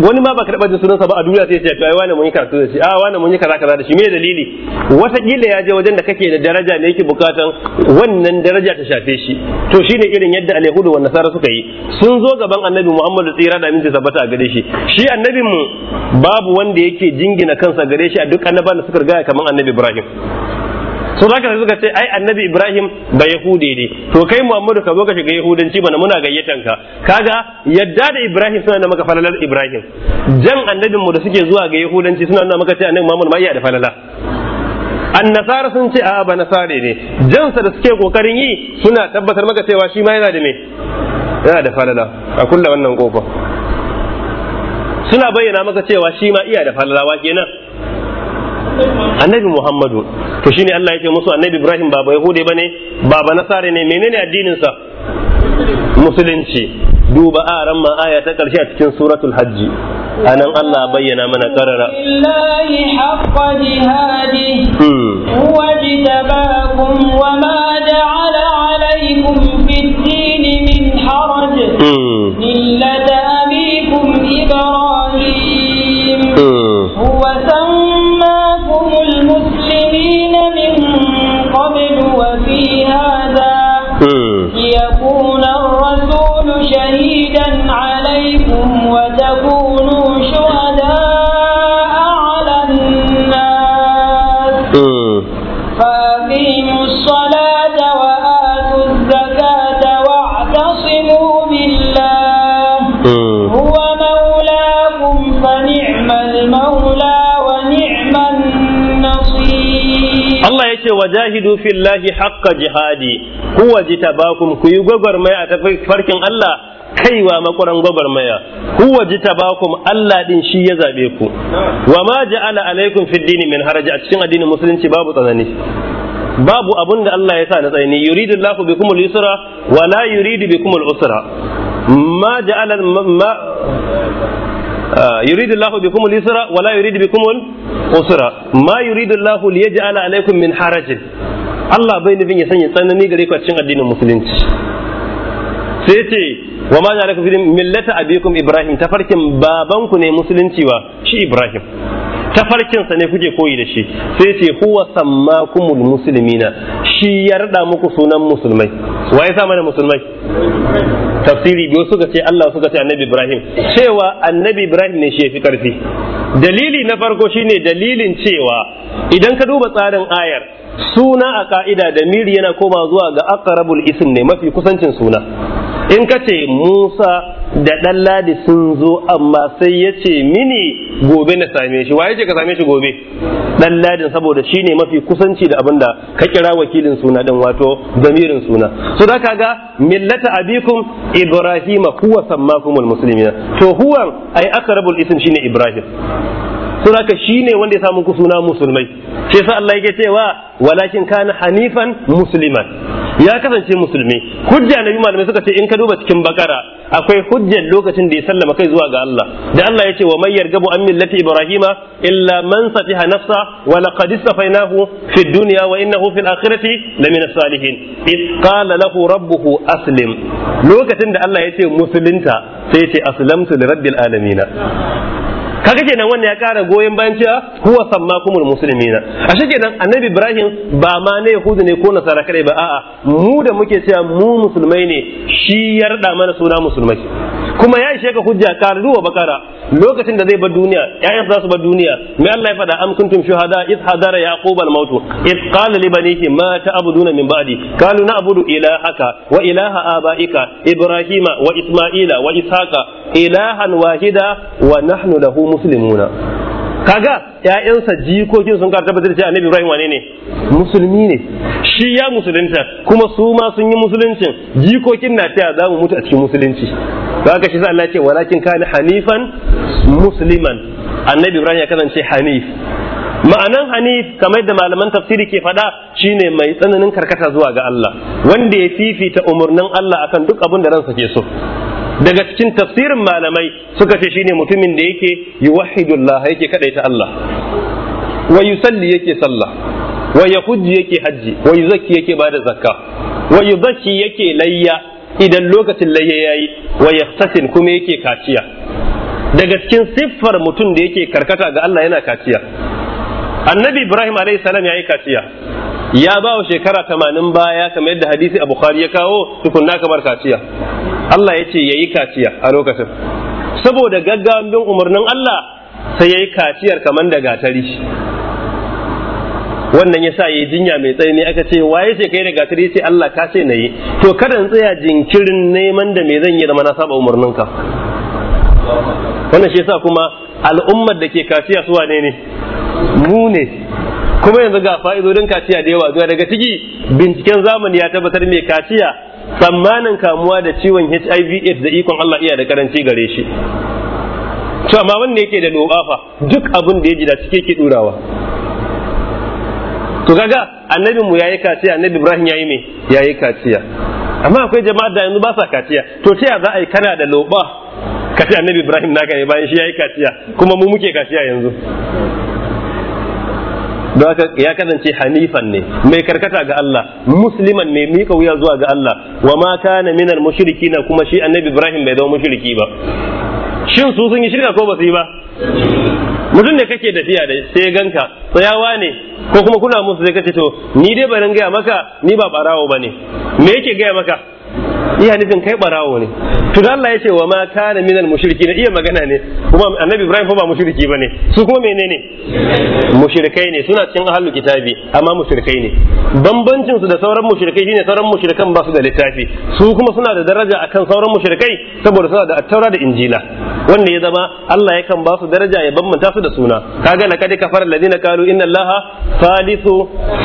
wani ma ba karɓar da sunansa ba a duniya sai ya ce ai wani mun yi karatu da shi a ah, wani mun yi kaza da shi me dalili wataƙila ya je wajen da kake da daraja ne yake bukatan wannan daraja ta shafe shi to shine irin yadda alyahudu wa nasara suka yi sun zo gaban annabi muhammadu tsira da aminci sabata a gare shi shi annabin mu babu wanda yake jingina kansa gare shi a duk annabawan da suka riga kamar annabi ibrahim so zaka sai suka ce ai annabi ibrahim ba yahudi ne to kai muhammadu ka zo ka shiga yahudanci bana muna gayyatan ka kaga yadda da ibrahim suna da maka falalar ibrahim jan annabin mu da suke zuwa ga yahudanci suna da maka ce annabi muhammadu ma iya da falala annasara sun ce a'a ba nasare ne jansa da suke kokarin yi suna tabbatar maka cewa shi ma yana da me yana da falala a kulla wannan kofa suna bayyana maka cewa shi ma iya da falalawa kenan annabi muhammadu to shine Allah ce musu annabi ibrahim baba yahude bane ba baba nasare ne menene addinin sa musulunci duba aran ma aya ta karshe a cikin suratul hajji anan Allah bayyana mana karara lillahi haqqa jihadi hmm. huwa jitabakum wa تكونوا شهداء على الناس فأقيموا الصلاة وآتوا الزكاة واعتصموا بالله هو مولاكم فنعم المولى ونعم النصير الله يتي وجاهدوا في الله حق جهادي هو جتباكم كي يغغر ما يتفركن الله kaiwa makwaran gwagwarmaya huwa jitabakum Allah din shi ya zabe ku wa ma ja'ala alaikum fid dini min haraji a cikin addinin musulunci babu tsanani babu abun da Allah ya sa na tsanani yuridu Allahu bikum al-yusra wa la yuridu bikum al-usra ma ja'ala ma ah, al-yusra wa la yuridu bikum al-usra ma yuridu يريد li yaj'ala alaikum min حرج Allah bai nufin ya sanya tsanani gare ku a cikin addinin musulunci sai ce wa ma zalika fi millata abikum ibrahim tafarkin babanku ne musulunci wa shi ibrahim tafarkin sa ne kuke koyi da shi sai ce huwa sammakumul muslimina shi ya rada muku sunan musulmai wa ya sa mana musulmai tafsiri biyo suka ce Allah suka ce annabi ibrahim cewa annabi ibrahim ne shi ya fi karfi dalili na farko shine dalilin cewa idan ka duba tsarin ayar suna a ka'ida da miri yana koma zuwa ga aqrabul ism ne mafi kusancin suna in ka ce Musa da ɗan ladi sun zo amma sai ya ce mini gobe na same shi waye ce ka same shi gobe ɗan ladin saboda shi ne mafi kusanci da abin da ka kira wakilin suna ɗin wato zamirin suna so da ga millata abikum ibrahima huwa sammakumul muslimina to huwan ai akrabul ism shine ibrahim sun haka shi ne wanda ya samu ku suna musulmai shi yasa Allah yake cewa walakin kana hanifan musliman ya kasance musulmi hujja nabi malamai suka ce in ka duba cikin bakara akwai hujjar lokacin da ya sallama kai zuwa ga Allah da Allah ya ce wa mayyar gabu an millati ibrahima illa man satiha nafsa wa laqad istafainahu fi dunya wa innahu fil akhirati lamina salihin id qala lahu rabbuhu aslim lokacin da Allah ya ce musulunta sai ya ce aslamtu li rabbil alamin kaga kenan wannan ya kara goyon bayan cewa huwa sammakumul muslimina ashe kenan annabi ibrahim ba ma ne yahudu ne ko nasara kare ba a'a mu da muke cewa mu musulmai ne shi ya mana suna musulmai kuma ya ishe ka hujja kardu wa bakara lokacin da zai bar duniya ƴaƴansa za su bar duniya mai Allah ya faɗa am kuntum shuhada id hadara yaqub al maut id qala li banihi ma ta'buduna min ba'di qalu na'budu ilahaka wa ilaha abaika ibrahima wa isma'ila wa ishaqa ilahan wahida wa nahnu lahu muslimuna kaga ƴaƴansa jikokin sun karta da a annabi Ibrahim wane ne musulmi ne shi ya musulunta kuma su ma sun yi musuluncin jikokin na ta za mu mutu a cikin musulunci haka shi za Allah ce walakin kana hanifan musliman annabi Ibrahim ya kasance hanif ma'anan hanif kamar da malaman tafsiri ke faɗa shine mai tsananin karkata zuwa ga Allah wanda ya fifita umarnin Allah akan duk abin da ransa ke so daga cikin tafsirin malamai suka ce shine mutumin da yake Allah yake ta Allah wa yusalli yake sallah wa yahujji yake hajji wa yuzakki yake bada zakka wa yuzakki yake layya idan lokacin layya yayi wa yahtasin kuma yake kaciya daga cikin siffar mutum da yake karkata ga Allah yana kaciya annabi ibrahim alayhi salam yayi kaciya ya ba wa shekara tamanin baya kamar yadda hadisi abu khari ya kawo tukunna kamar kaciya Allah ya ce yayi kaciya a lokacin saboda gaggawan bin umarnin Allah sai yayi kaciyar kamar da gatari wannan ya sa yayi jinya mai tsayi ne aka ce waye ce kai da gatari sai Allah ka ce nayi to kada in tsaya jinkirin neman da me zan yi da mana saba ka wannan shi yasa kuma al'ummar da ke kaciya su wane ne mu ne kuma yanzu ga fa'idodin kaciya da yawa zuwa daga ciki binciken zamani ya tabbatar mai kaciya tsammanin kamuwa da ciwon HIV AIDS da ikon Allah iya da karanci gare shi to amma wanda yake da lokafa duk abin da ya ji da cike ke ɗurawa. to kaga annabin mu yayi kaciya annabi Ibrahim yayi me yayi kaciya amma akwai jama'a da yanzu ba sa kaciya to ta za a yi kana da loba kaciya annabi ibrahim na gani bayan shi ya yi kaciya kuma mu muke kaciya yanzu don haka ya kasance hanifan ne mai karkata ga Allah musliman ne mika wuya zuwa ga Allah wa ma kana minal mushrikina kuma shi annabi ibrahim bai zama mushriki ba shin su sun yi shirka ko ba su yi ba mutum da kake tafiya da sai ganka tsayawa ne ko kuma kuna musu sai kace to ni dai barin gaya maka ni ba barawo bane me yake gaya maka iya nufin kai barawo ne to da Allah ya ce wa ma kana al mushrikin iya magana ne kuma annabi Ibrahim fa ba mushriki bane su kuma menene mushrikai ne suna cikin ahlul kitabi amma mushrikai ne bambancin su da sauran mushrikai shine sauran mushrikan ba su da littafi su kuma suna da daraja akan sauran mushrikai saboda suna da attaura da injila wanda ya zama Allah yakan ba su daraja ya bambanta su da suna kaga laqad kafara alladhina qalu inna allaha salisu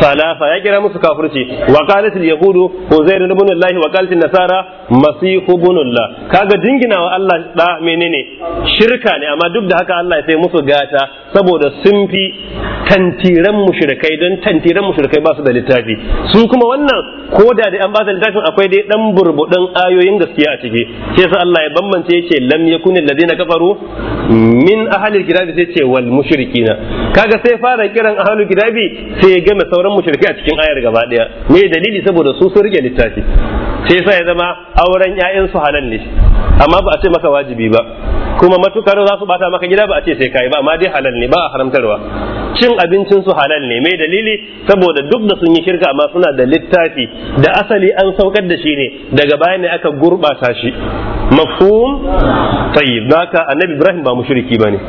salafa ya kira musu kafirci wa qalat al yahudu uzair ibn allah wa qalat an zakara masihu bunullah kaga jinginawa Allah da menene shirka ne amma duk da haka Allah ya sai musu gata saboda sun fi tantiran mushrikai don tantiran mushrikai ba su da littafi su kuma wannan ko da da an ba su littafin akwai dai dan burbudan ayoyin gaskiya a ciki sai sa Allah ya bambance yace lam yakunil ladina kafaru min ahlil kitabi sai ce wal mushrikina kaga sai fara kiran ahlul kitabi sai ya game sauran mushrikai a cikin ayar gaba daya me dalili saboda su sun rike littafi sai sa ya zama ma auren 'ya'yansu halal ne amma ba a ce maka wajibi ba kuma matukar za su bata maka gida ba a ce sai kai ba amma dai halal ne ba a haramtarwa cin abincin su halal ne mai dalili saboda duk da sun yi shirka amma suna da littafi da asali an saukar da shi ne daga baya ne aka gurbata shi mafhum tayyib naka annabi ibrahim ba mushriki bane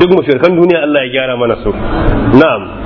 duk mushrikan duniya Allah ya gyara mana su na'am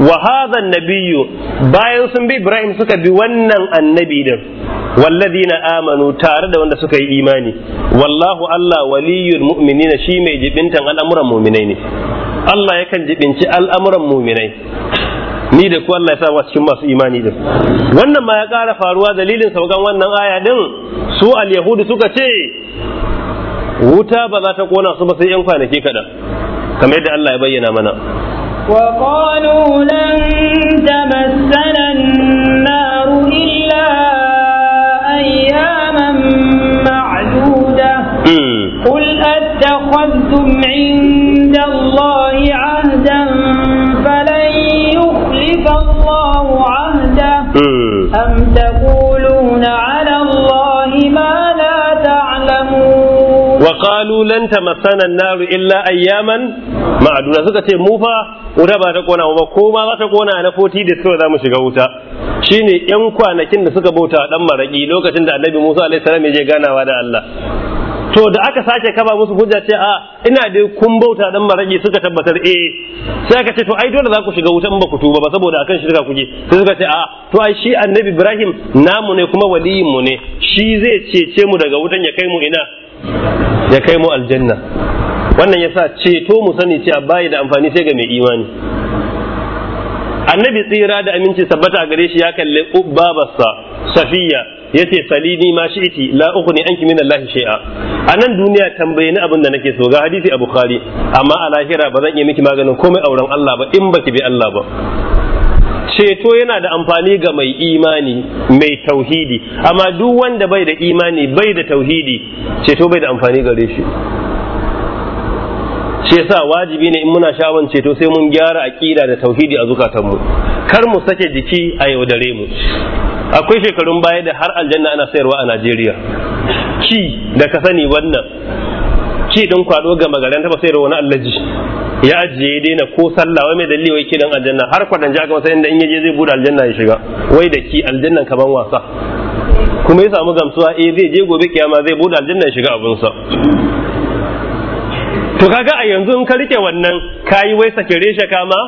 wa hadha nabiyyu bayan sun bi Ibrahim suka bi wannan annabi din walladina amanu tare da wanda suka yi imani wallahu Allah waliyul mu'minina shi mai jibintan al'amuran mu'minai ne Allah yakan jibinci al'amuran mu'minai ni da ku Allah ya sa cikin masu imani din wannan ma ya kara faruwa dalilin saukan wannan aya din su al-yahudu suka ce wuta ba za ta kona su ba sai yan kwanaki kaɗan kamar yadda Allah ya bayyana mana وقالوا لن تمسنا النار إلا أياما معدودة قل أتخذتم عند الله عهدا فلن يخلف الله عهده أم تقولون lan masana naru illa ayyaman ma'aduna suka ce mu fa wuta ba ta kona ba ko ma za ta kona na foti da suka za mu shiga wuta shine yan kwanakin da suka bauta dan maraki lokacin da annabi Musa alaihi salam ya je ganawa da Allah to da aka sake kaba musu hujja ce a ina da kun bauta dan maraki suka tabbatar eh sai aka ce to ai dole za ku shiga wutan ba ku tuba ba saboda akan shirka kuke sai suka ce a to ai shi annabi Ibrahim namu ne kuma waliyin mu ne shi zai cece mu daga wutan ya kai mu ina ya kai mu aljanna wannan yasa ceto mu sani cewa bayi da amfani sai ga mai imani annabi tsira da aminci sabbata a gare shi ya kalli babarsa safiya yace salini ma shi iti la ne anki min Allah shay'a anan duniya tambaye ni abin da nake so ga hadisi a bukhari amma a lahira ba zan iya miki maganin komai auren Allah ba in baki bi Allah ba ceto yana da amfani ga mai imani mai tauhidi amma duk wanda bai da imani bai da tauhidi ceto bai da amfani gare shi shi yasa wajibi ne in muna shawon ceto sai mun gyara aqida da tauhidi a zukatanmu kar mu sake jiki a yaudare mu akwai shekarun baya da har aljanna ana sayarwa a Najeriya ki da ka sani wannan ci din kwado ga ta ba sai da wani allaji ya ajiye ya daina ko sallah wai mai dalili wai dan aljanna har kwadan ji aka sai inda in yaje zai bude aljanna ya shiga wai da ki aljannan ban wasa kuma ya samu gamsuwa eh zai je gobe kiyama zai bude aljanna ya shiga abunsa to kaga a yanzu in ka rike wannan kayi wai sakire resha kama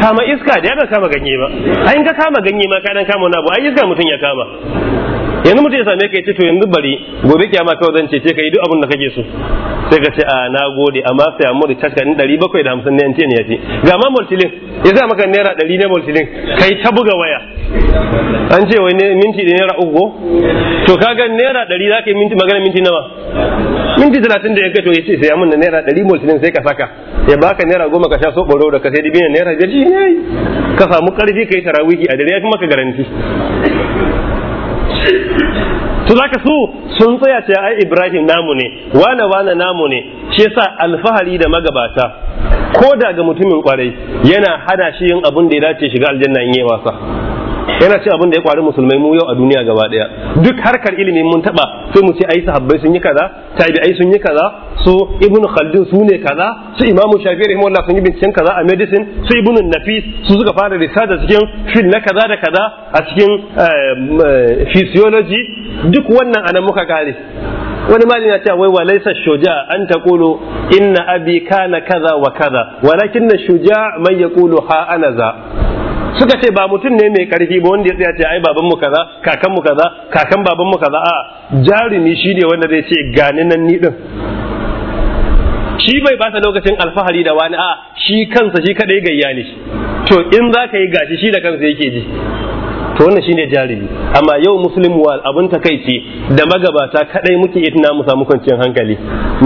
kama iska da ya kama ganye ba ai in ka kama ganye ma ka dan kama wani abu ai iska mutum ya kama yanzu mutum ya same ka ya ce to yanzu bari gobe kiyama kawai zan cece ka yi duk abin da kake so sai ka ce a na gode amma sai amma da caka ni ɗari bakwai da hamsin ne yance ne ya ce ga ma multilin ya sa maka naira ɗari ne multilin kai ta buga waya an ce wai minti da naira uku to kaga naira ɗari za ka yi minti magana minti nawa minti talatin da yanka to ya ce sai amma da naira ɗari multilin sai ka saka ya baka naira goma ka sha so ɓaro da ka sai dibi naira biyar shi ne ka samu ƙarfi ka yi tarawihi a dare ya fi maka garanti to zaka su sun tsaya ce ai Ibrahim namu ne wane wane namu ne shi yasa alfahari da magabata ko da ga mutumin kwarai yana hana shi yin abun da ya dace shiga aljanna in yi wasa yana cin abin da ya kwari musulmai mu yau a duniya gaba daya duk harkar ilimi mun taba sai mu ce ai sahabbai sun yi kaza tabi'ai sun yi kaza su ibnu khaldun su ne kaza su imamu shafi'i rahimahullah sun yi binciken kaza a medicine su ibnu nafis su suka fara research cikin fil na kaza da kaza a cikin eh, eh, physiology duk wannan anan muka kare wani malami ya ce wai wa laysa shuja an taqulu inna abi kana kaza wa kaza walakin shuja man yaqulu ha ana za suka ce ba mutum ne mai karfi ba wanda ya tsaya ce ai baban mu kaza kakan mu kaza kakan baban mu kaza a jarumi shine wanda zai ce gani nan ni din shi bai ba ta lokacin alfahari da wani a shi kansa shi kadai gayya ne to in za ka yi gashi shi da kansa yake ji to wannan shine jarumi amma yau muslim wal abun takaici da magabata kadai muke itina mu samu kwanciyar hankali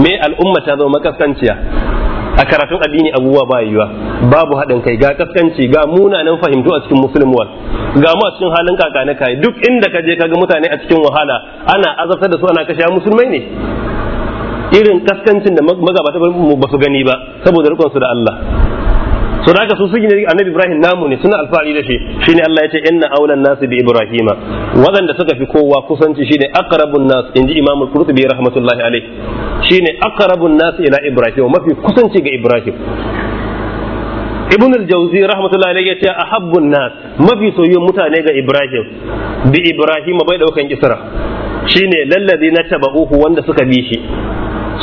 me al'umma ta zama makaskanciya a karatun addini abubuwa ba yiwa babu haɗin kai ga kaskanci ga munanan fahimtu a cikin muslim gamu ga mu a cikin halin kaka na kai duk inda ka je ka ga mutane a cikin wahala ana azabtar da su ana kashe musulmai ne irin kaskancin da magabata ba su gani ba saboda rikon su da Allah so da su sun annabi ibrahim namu ne suna alfahari da shi shine Allah ya ce inna aulan nasu bi ibrahima wadanda suka fi kowa kusanci shine aqrabun nas inji imam al-qurtubi rahmatullahi alayh shine aqrabun nas ila ibrahim mafi kusanci ga ibrahim ibn al-jawzi rahmatullahi alayhi yace ahabbun nas mafi soyayyen mutane ga ibrahim bi ibrahima bai daukan Shi shine lallabi na tabauhu wanda suka bi shi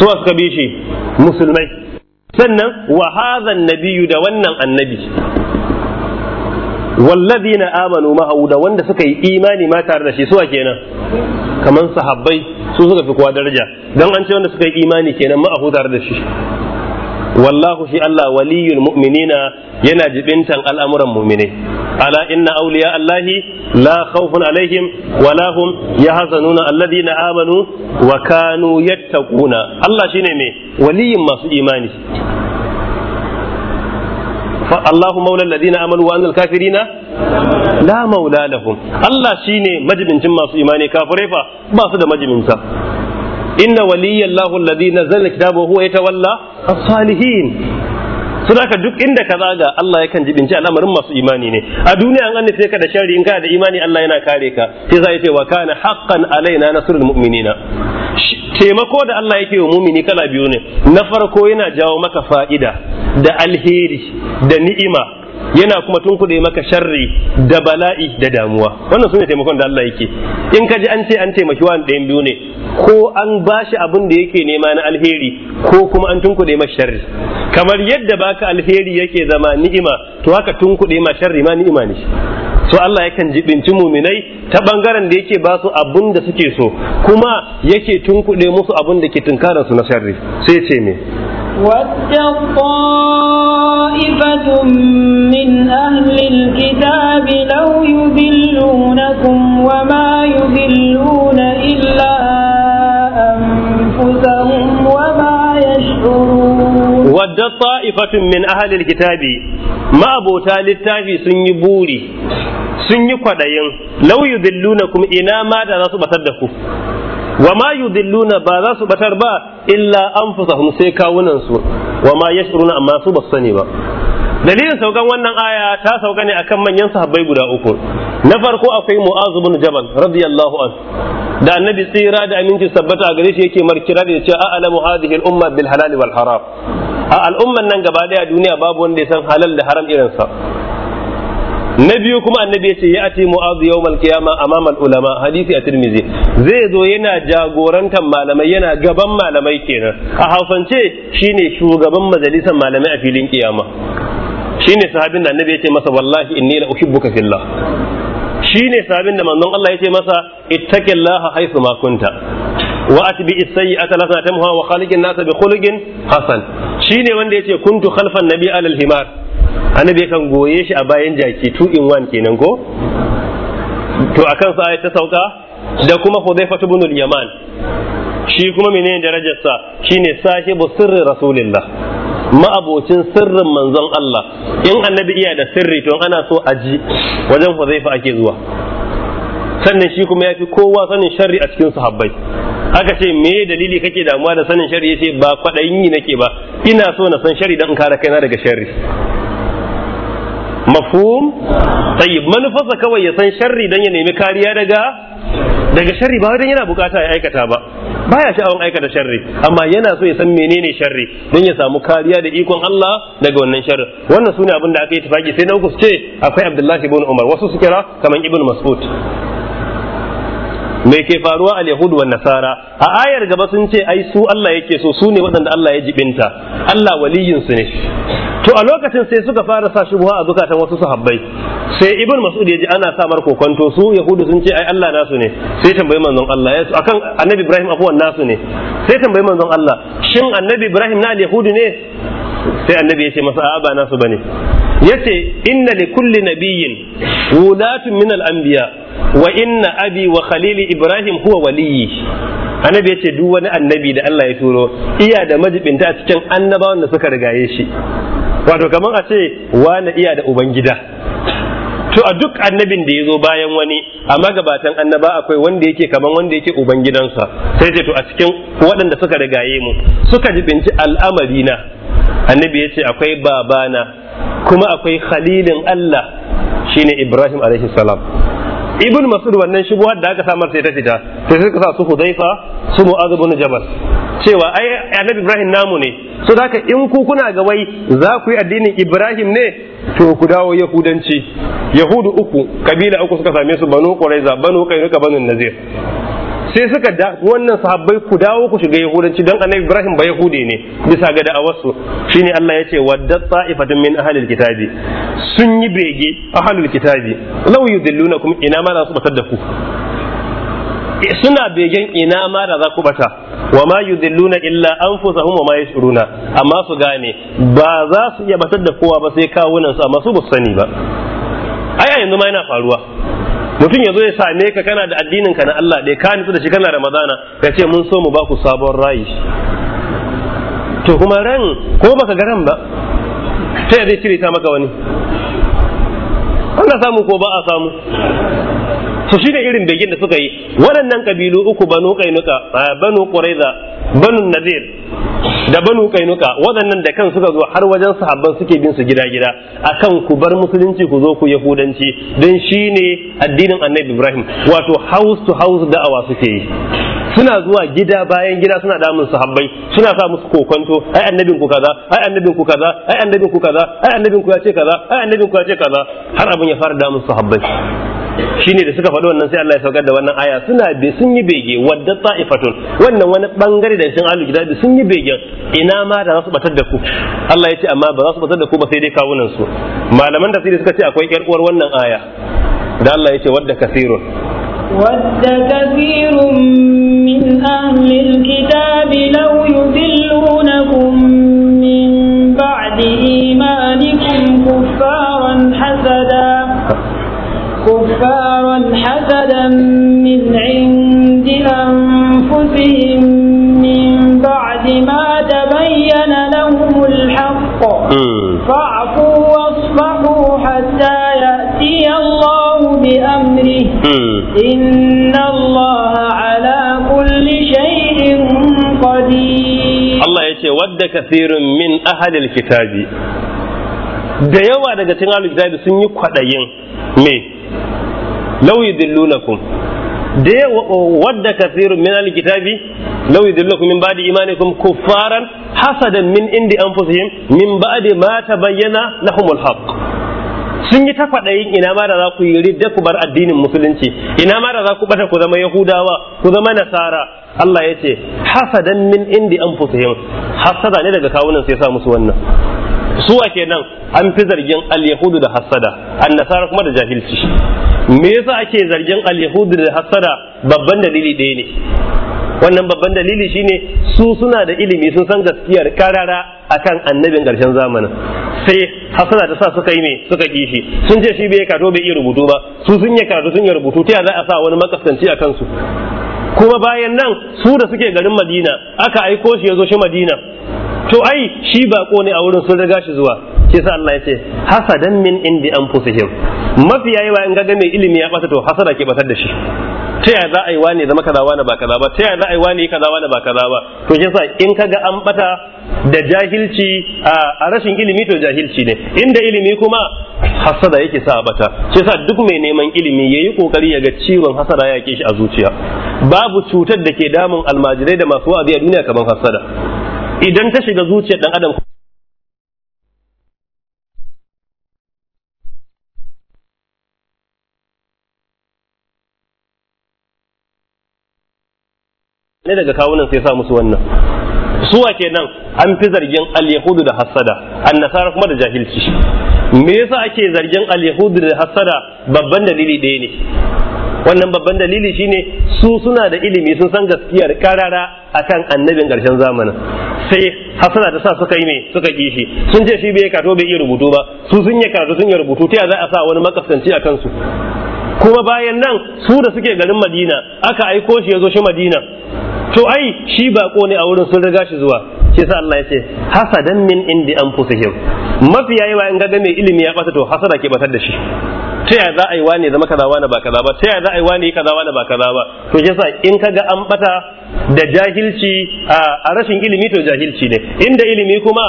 suwa suka bi shi musulmai sannan wa hadha nabiyyu da wannan annabi wallazina amanu ma'ahu da wanda suka yi imani ma tare da shi suwa kenan Kamar sahabbai su suka fi kowa daraja Don an ce wanda suka yi imani kenan ma'ahu tare da shi wallahu shi Allah waliyul mu'minina yana jibintan al'amuran mu'mine ala inna awliya Allahi la khawfun alaihim wala hum yahzanuna alladhina amanu wa kanu yattaquna Allah shine me waliyin masu imani Allahu مولى الذين امنوا وان الكافرين لا مولى لهم الله Allah مجبن ما سو ايماني كافري فا با سو da majibinta inna waliyallahu alladhi nazzala kitaba huwa yatawalla as-salihin sun haka duk inda ka zaga Allah yakan jibinci al'amarin masu imani ne a duniya an sai ka da shari in ka da imani Allah yana kare ka sai za ce wa kana haqqan alaina nasrul mu'minina taimako da Allah yake wa mumini kala biyu ne na farko yana jawo maka fa'ida da alheri da ni'ima yana kuma tunkuɗe maka sharri da bala'i da damuwa wannan sune taimakon da Allah yake in ka ji an ce an taimaki wani ɗayan biyu ne ko an bashi abin da yake nema na alheri ko kuma an tunkuɗe maka sharri kamar yadda baka alheri yake zama ni'ima to haka tunkuɗe ma sharri ma ni'ima ne so Allah yakan jibinci muminai ta bangaren da yake ba su abin da suke so kuma yake tunkuɗe musu abin da ke tunkarar su na sharri sai ce me طائفة من أهل الكتاب لو يذلونكم وما يذلون إلا wadda ta'ifatun min ahalil kitabi ma'abota littafi sun yi buri sun yi kwaɗayin lau kuma ina ma da za su batar da ku wa ma dilluna ba za su batar ba illa an anfusahum sai kawunansu su wa ma yashuruna amma su ba su sani ba dalilin saukan wannan aya ta sauka ne akan manyan sahabbai guda uku na farko akwai mu'azu bin jabal radiyallahu an da annabi tsira da aminci sabbata gare shi yake markira da yace a alamu hadhihi al-umma bil halal wal haram a al'umman nan gaba daya duniya babu wanda ya san halal da haram irin sa na biyu kuma annabi ya ce ya ati mu'azu yawmal qiyama amama ulama hadisi a tirmizi zai zo yana jagorantar malamai yana gaban malamai kenan a hausance shine shugaban majalisar malamai a filin kiyama shine sahabin da annabi ya ce masa wallahi inni la uhibbuka fillah shine sahabin da manzon Allah ya ce masa ittaqillaha haythu ma kunta wa atbi as-sayyi'ata la tamha wa khaliqin nasa bi khuluqin hasan shine wanda yace kuntu khalfan nabi alal himar annabi kan goye shi a bayan jaki tu in one kenan ko to akan sa ta sauka da kuma Hudhaifa ibn al-Yaman shi kuma menene darajarsa shine sahibu sirri rasulillah ma'abocin sirrin manzon Allah in annabi iya da sirri to ana so a ji wajen Huzaifa ake zuwa sannan shi kuma ya fi kowa sanin sharri a cikin sahabbai aka ce me dalili kake damuwa da sanin sharri ce? ba kwaɗayin yi nake ba ina so na san sharri dan kare kaina daga shari. mafhum tayyib manufarsa kawai ya san sharri dan ya nemi kariya daga daga sharri ba dan yana bukata ya aikata ba baya sha'awan aikata sharri amma yana so ya san menene sharri dan ya samu kariya da ikon Allah daga wannan sharri wannan sune abin da aka yi tafaki sai na uku ce akwai Abdullahi ibn Umar wasu su kira kaman Ibn Mas'ud me ke faruwa al yahudu nasara a ayar gaba sun ce ai su Allah yake so su ne waɗanda Allah ya jibinta Allah waliyin su ne to a lokacin sai suka fara sa shubha a zukatan wasu sahabbai sai ibn mas'ud ya ji ana samar kokonto su yahudu sun ce ai Allah nasu ne sai tambayi manzon Allah ya akan annabi ibrahim akwai nasu ne sai tambayi manzon Allah shin annabi ibrahim na al yahudu ne sai annabi ya ce masa a'a ba nasu bane yace inna li kulli nabiyyin wulatun min al-anbiya wa inna abi wa khalili ibrahim huwa waliyyi annabi yace duk wani annabi da Allah ya turo iya da majibinta a cikin annabawan da suka rigaye shi wato kamar a ce wani iya da ubangida to a duk annabin da ya zo bayan wani a magabatan annaba akwai wanda yake kaman wanda yake ubangidansa sai ce to a cikin waɗanda suka rigaye mu suka ji al'amari al'amarina annabi ya ce akwai babana kuma akwai khalilin Allah shine Ibrahim alaihi salam ibn masud wannan shubuhar da aka samar sai ta fita sai suka sa su hudaifa su mu'adh ibn jabal cewa ai annabi ibrahim namu ne so haka in ku kuna ga wai za ku yi addinin ibrahim ne to ku dawo yahudanci yahudu uku kabila uku suka same su banu quraiza banu kainuka banu nazir sai suka da wannan sahabbai ku dawo ku shiga yahudanci dan annabi ibrahim ba yahudi ne bisa ga da'awarsu shine Allah ya ce wadda ta'ifatun min ahlil kitabi sun yi bege ahlul kitabi law yudillunakum ina ma za su batar da ku suna begen ina ma da za ku bata wa ma yudilluna illa anfusahum wa ma yashuruna amma su gane ba za su iya batar da kowa ba sai kawunan su amma su ba sani ba ai yanzu ma yana faruwa mutum yazo ya same ka kana da addinin ka na Allah dai ka nitsu da shi kana Ramadana ka ce mun so mu ba ku sabon rayi to kuma ran ko baka ga ba sai zai cire ta maka wani ana samu ko ba a samu to shi ne irin begin da suka yi waɗannan kabilu uku banu kainuka banu quraiza banu nadir da banu kainuka waɗannan da kan suka zo har wajen sahabban suke bin su gida gida akan ku bar musulunci ku zo ku yahudanci don shine addinin annabi ibrahim wato house to house da'awa suke yi suna zuwa gida bayan gida suna damun sahabbai suna sa musu kokonto ai annabin ku kaza ai annabin ku kaza ai annabin ku kaza ai annabin ku ya ce kaza ai annabin ku ya ce kaza har abin ya fara damun sahabbai ne da suka faɗi wannan sai Allah ya saukar da wannan aya suna bai sun yi bege wadda ta'ifatun wannan wani bangare da sun alu gidabi sun yi begen ina ma da za su batar da ku Allah ya ce amma ba za su batar da ku ba sai dai kawunan su malaman da suka ce akwai ƴar uwar wannan aya da Allah ya ce wadda kasirun wadda kasirun min ahlil kitabi law من عند أنفسهم من بعد ما تبين لهم الحق فاعفوا واصفحوا حتى يأتي الله بأمره إن الله على كل شيء قدير الله يتي ود كثير من أهل الكتاب da yawa daga cikin alkitabi sun yi kwaɗayin me law yudillunakum da wadda kathirun min alkitabi law yudillukum min ba'di imanikum kuffaran hasadan min indi anfusihim min ba'di ma tabayyana lahumul haqq sun yi ta faɗayin ina ma da za ku yi ridda ku bar addinin musulunci ina ma da za ku bata ku zama yahudawa ku zama nasara Allah ya ce hasadan min indi anfusihim hasada ne daga kawunan sai ya sa musu wannan su a kenan an fi zargin al-yahudu da hassada annasara kuma da jahilci me yasa ake zargin al-yahudu da hassada babban dalili ɗaya ne wannan babban dalili shine su suna da ilimi sun san gaskiyar karara akan annabin ƙarshen zamanin sai hasada ta sa suka yi me suka ki shi sun ce shi bai karatu bai iya rubutu ba su sun yi karatu sun yi rubutu ta za a sa wani makasanci a kansu kuma bayan nan su da suke garin madina aka aiko shi ya zo shi madina to ai shi bako ne a wurin sun riga shi zuwa shi sa Allah ya ce hasadan min indi anfusihim mafi yayi ba in ga mai ilimi ya bata to hasada ke batar da shi ta yaya za a yi wani zama kaza wani ba kaza ba ta yaya za a yi wani kaza wani ba kaza ba to shi sa in kaga an bata da jahilci a rashin ilimi to jahilci ne inda ilimi kuma hasada yake sa bata shi yasa duk mai neman ilimi yayi kokari ya ga ciwon hasada ya shi a zuciya babu cutar da ke damun almajirai da masu wa'azi a duniya kamar hasada idan ta shiga zuciyar dan adam ne daga kawunan sai sa musu wannan suwa kenan an fi zargin al-yahudu da hassada annasara kuma da jahilci me yasa ake zargin al-yahudu da hassada babban dalili ɗaya ne wannan babban dalili shine su suna da ilimi sun san gaskiyar karara akan annabin ƙarshen zamanin sai Hassana ta sa suka yi me suka ki shi sun ce shi bai kato bai iya rubutu ba su sun yi karatu sun yi rubutu ta za a sa wani makasanci a kansu kuma bayan nan su da suke garin madina aka aiko shi ya zo shi madina to ai shi bako ne a wurin sun riga shi zuwa shi sa Allah ya ce hasadan min indi an fusihim mafi yayi wa in ga mai ilimi ya bata to hasada ke batar da shi ta yaya za a yi wane zama kaza wani ba kaza ba ta yaya za a yi wane kaza wani ba kaza ba to shi yasa in kaga an bata da jahilci a rashin ilimi to jahilci ne inda ilimi kuma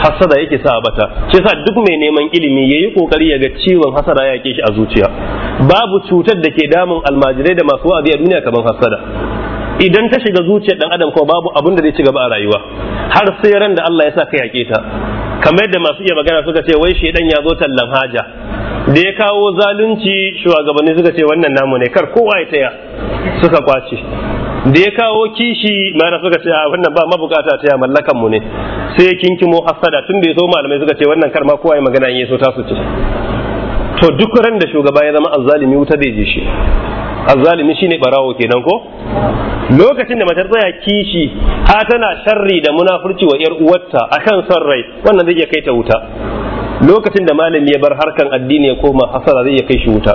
hasada yake sa bata shi yasa duk mai neman ilimi yayi kokari ya ga ciwon hasada ya ke shi a zuciya babu cutar da ke damun almajirai da masu wa'azi a duniya kamar hasada idan ta shiga zuciyar dan adam ko babu abin da zai ci gaba a rayuwa har sai ran da Allah ya sa ka yake ta kamar yadda masu iya magana suka ce wai shedan ya zo tallan haja da ya kawo zalunci shugabanni suka ce wannan namu ne kar kowa ya taya suka kwace da ya kawo kishi mara suka ce wannan ba mabukata taya mallakan mu ne sai kinkimo hasada tun da ya so malamai suka ce wannan kar ma kowa ya magana in ya ta su ce to duk ran da shugaba ya zama azzalimi wuta zai je shi azzalimi shine barawo kenan ko lokacin da matar tsaya kishi ha tana sharri da munafurci wa yar uwarta akan son rai wannan zai iya kai ta wuta lokacin da malami ya bar harkan addini ya koma hasara zai iya kai shi wuta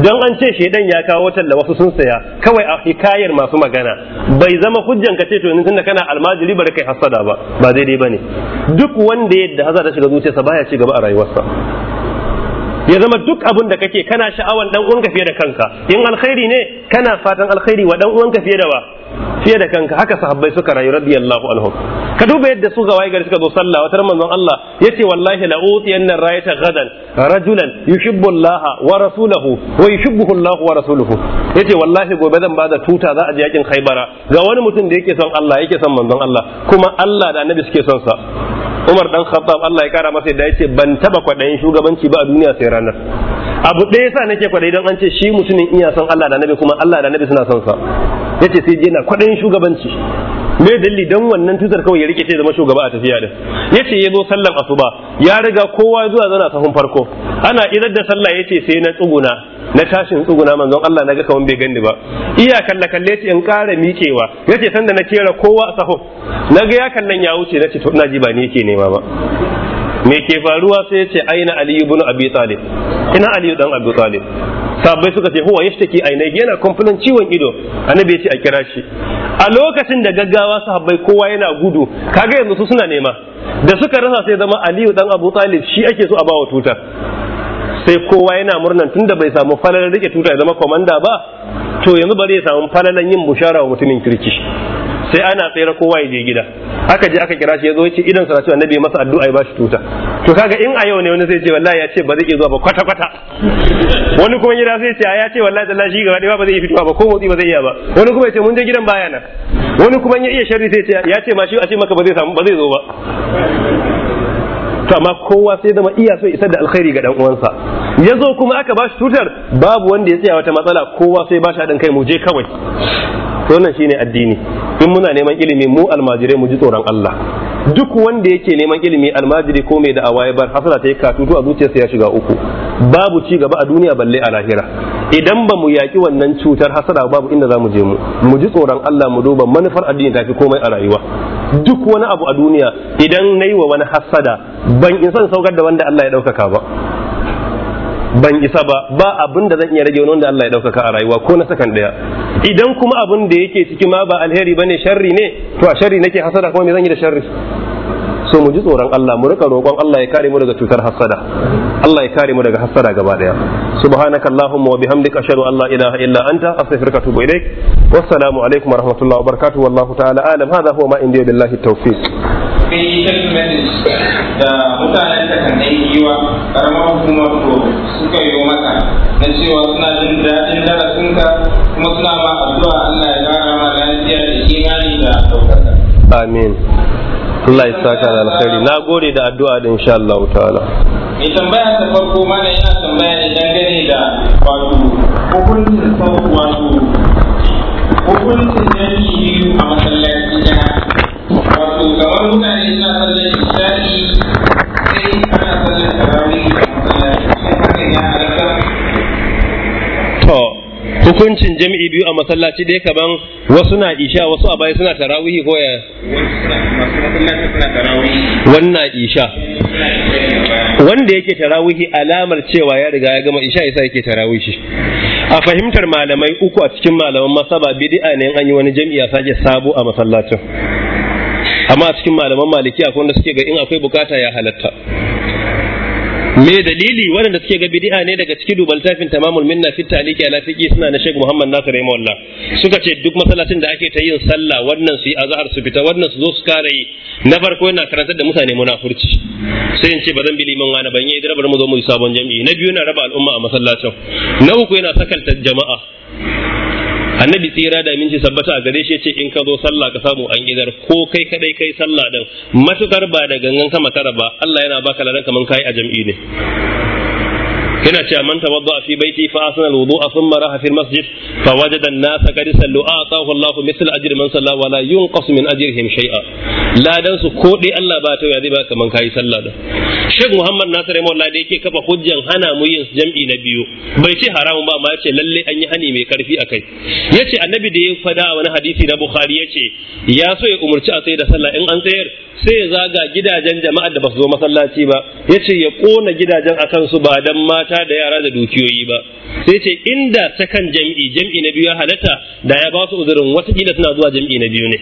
don an ce shaidan ya kawo talla wasu sun saya kawai a hikayar masu magana bai zama hujjan ka ce to yanzu tunda kana almajiri bari kai hasada ba ba daidai bane duk wanda yadda hasada shiga zuciyarsa baya ci gaba a rayuwarsa ya zama duk abin da kake kana sha'awan dan uwanka fiye da kanka in alkhairi ne kana fatan alkhairi wa dan uwanka fiye da wa fiye da kanka haka sahabbai suka rayu radiyallahu anhum ka duba yadda su ga gari suka zo sallah wata manzon Allah yace wallahi la utiyanna rayata gadan rajulan yuhibbu Allah wa rasulahu wa yuhibbuhu Allah wa rasuluhu yace wallahi gobe zan bada tuta za a je yakin Khaibara ga wani mutum da yake son Allah yake son manzon Allah kuma Allah da annabi suke son sa Umar dan Khattab Allah ya kara masa da yace ban taba kwadayin shugabanci ba a duniya sai anas abu ɗaya sa nake kwaɗayi don an ce shi mutumin iya son Allah da nabi kuma Allah da nabi suna son sa yace sai je na kwaɗayin shugabanci me dalili dan wannan tutar kawai ya rike ce zama shugaba a tafiya Ya yace ya zo sallan asuba ya riga kowa zuwa zana sahun farko ana idar da sallah ce sai na tsuguna na tashin tsuguna manzon Allah na ga kawan bai gani ba iya kalla kalle ce in ƙara miƙewa yace sanda na kera kowa a sahun ga ya kallan ya wuce nace to ina ji ba ni yake nema ba me ke faruwa sai ya ce aina ali ibn abi talib ina ali dan abi talib sabai suka ce huwa yashtaki aina yana kumfulin ciwon ido annabi ya ce a kira shi a lokacin da gaggawa sahabbai kowa yana gudu kaga yanzu su suna nema da suka rasa sai zama aliyu dan abu talib shi ake so a bawa tutar sai kowa yana murnan tun da bai samu falalar rike tuta ya zama komanda ba to yanzu bari ya samu falalar yin bushara wa mutumin kirki sai ana tsere kowa ya je gida aka je aka kira shi ya zo yace idan sa cewa annabi masa addu'a ya bashi tuta to kaga in a yau ne wani zai ce wallahi ya ce ba zai iya zuwa ba kwata kwata wani kuma gida zai ce ya ce wallahi da lashi gaba ba zai iya fitowa ba ko motsi ba zai iya ba wani kuma ya ce mun je gidan baya nan wani kuma ya iya sharri sai ya ce ma shi a ce maka ba zai samu ba zai zo ba to amma kowa sai zama iya so isar da alkhairi ga dan uwansa ya zo kuma aka bashi tutar babu wanda ya tsaya wata matsala kowa sai bashi haɗin kai mu je kawai to wannan shine addini in muna neman ilimi mu almajirai mu ji tsoron Allah duk wanda yake neman ilimi almajiri ko mai da ya bar hasala ta yi katutu a zuciyarsa ya shiga uku babu ci gaba a duniya balle a lahira idan ba mu yaƙi wannan cutar hasara babu inda za mu je mu mu ji tsoron Allah mu duba manufar addini ta fi komai a rayuwa duk wani abu a duniya idan na yi wa wani hasada ban isan saukar da wanda Allah ya ɗaukaka ba ban isa ba ba abin da zan iya rage wanda Allah ya ɗaukaka a rayuwa ko na sakan ɗaya idan kuma abin da yake ciki ma ba alheri bane sharri ne to a sharri nake hasada kuma me zan yi da sharri so mu ji tsoron Allah mu rika roƙon Allah ya kare mu daga cutar hasada Allah ya kare mu daga hasada gaba daya subhanaka allahumma wa bihamdika ashhadu an la ilaha illa anta astaghfiruka wa atubu ilaik wassalamu alaikum wa rahmatullahi wa barakatuh wallahu ta'ala alam hadha huwa ma indiya billahi tawfiq kai da kan yiwa karamar hukumar ko suka na cewa suna jin daɗin kuma suna ma addu'a Allah ya kara ma lafiya da imani Allah ya saka da alkhairi na gode da addu'a da insha Allah ta'ala mai tambaya ta farko mana yana tambaya ne dangane da wato hukuncin wato hukuncin yanki biyu a masallaci wato kamar mutane suna sallar isha'i sai ana sallar tarawih a masallaci hukuncin jami'i biyu a masallaci dai kaman wasu na isha wasu a baya suna tarawihi ko ya wannan isha wanda yake tarawihi alamar cewa ya riga ya gama isha yasa yake tarawihi a fahimtar malamai uku a cikin malaman masaba bid'a ne an yi wani jami'i ya sake sabo a masallacin amma a cikin malaman maliki akwai wanda suke ga in akwai bukata ya halatta me dalili waɗanda suke ga bid'a ne daga cikin dubal tafin tamamul minna fi taliki ala fiqi suna na Sheikh Muhammad Nasir Rahimahullah suka ce duk masallacin da ake ta yin sallah wannan su yi azhar su fita wannan su zo su kare yi na farko yana karantar da mutane munafurci sai in ce ba zan bi liman wani ban yi darabar mu zo mu yi sabon jami'i na biyu yana raba al'umma a masallacin na uku yana sakalta jama'a annabi tsira da minci sabbata a gare shi ce in ka zo sallah ka samu an gidar ko kai kadai kai sallah din matukar ba da gangan ka makara ba Allah yana baka ladan kaman kai a jam'i ne yana cewa man tawadda fi baiti fa asana alwudu thumma raha fi masjid fa wajada an-nasa qad sallu ataahu Allahu mithl ajri man salla wa la yunqas min ajrihim shay'a ladan su ko dai Allah ba ta yadi ba kaman kai sallah da Sheikh Muhammad Nasir Mawla da yake kafa hujjan hana mu yin jam'i na biyu bai ce haramun ba amma yace lalle an yi hani mai karfi akai yace annabi da ya fada wani hadisi na Bukhari yace ya so ya umurci a sai da sallah in an tsayar sai ya zaga gidajen jama'a da ba su zo masallaci ba ya ce ya ƙona gidajen a kansu ba dan mata da yara da dukiyoyi ba sai ce inda ta kan jam'i jam'i na biyu ya halatta da ya ba su uzurin watakila suna zuwa jam'i na biyu ne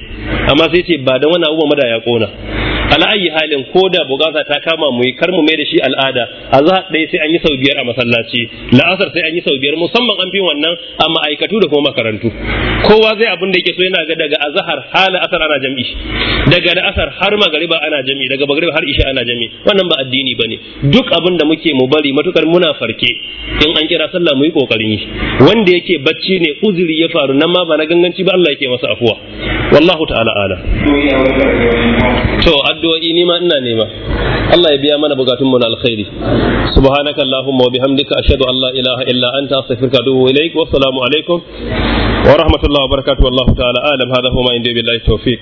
amma sai ce ba dan wani abubuwa da ya ƙona ala ayi halin ko da bugasa ta kama mu yi kar mu mai da shi al'ada a za ɗaya sai an yi sau biyar a masallaci la'asar sai an yi sau biyar musamman an fi wannan a ma'aikatu da kuma makarantu kowa zai abin da ke so yana ga daga azahar hala asar ana jam'i daga da asar har magariba ana jami daga magariba har isha ana jami wannan ba addini bane duk abin da muke mu bari matukar muna farke in an kira sallah mu yi kokarin shi wanda yake bacci ne uzuri ya faru nan ma ba na ganganci ba Allah yake masa afuwa wallahu ta'ala ala to addu'o'i ni ma ina nema Allah ya biya mana bukatun mu na alkhairi subhanaka allahumma wa bihamdika ashhadu an la ilaha illa anta astaghfiruka wa atubu ilaik wa assalamu alaikum wa rahmatullahi wa barakatuh wallahu ta'ala alam hadha huwa ma indi billahi tawfiq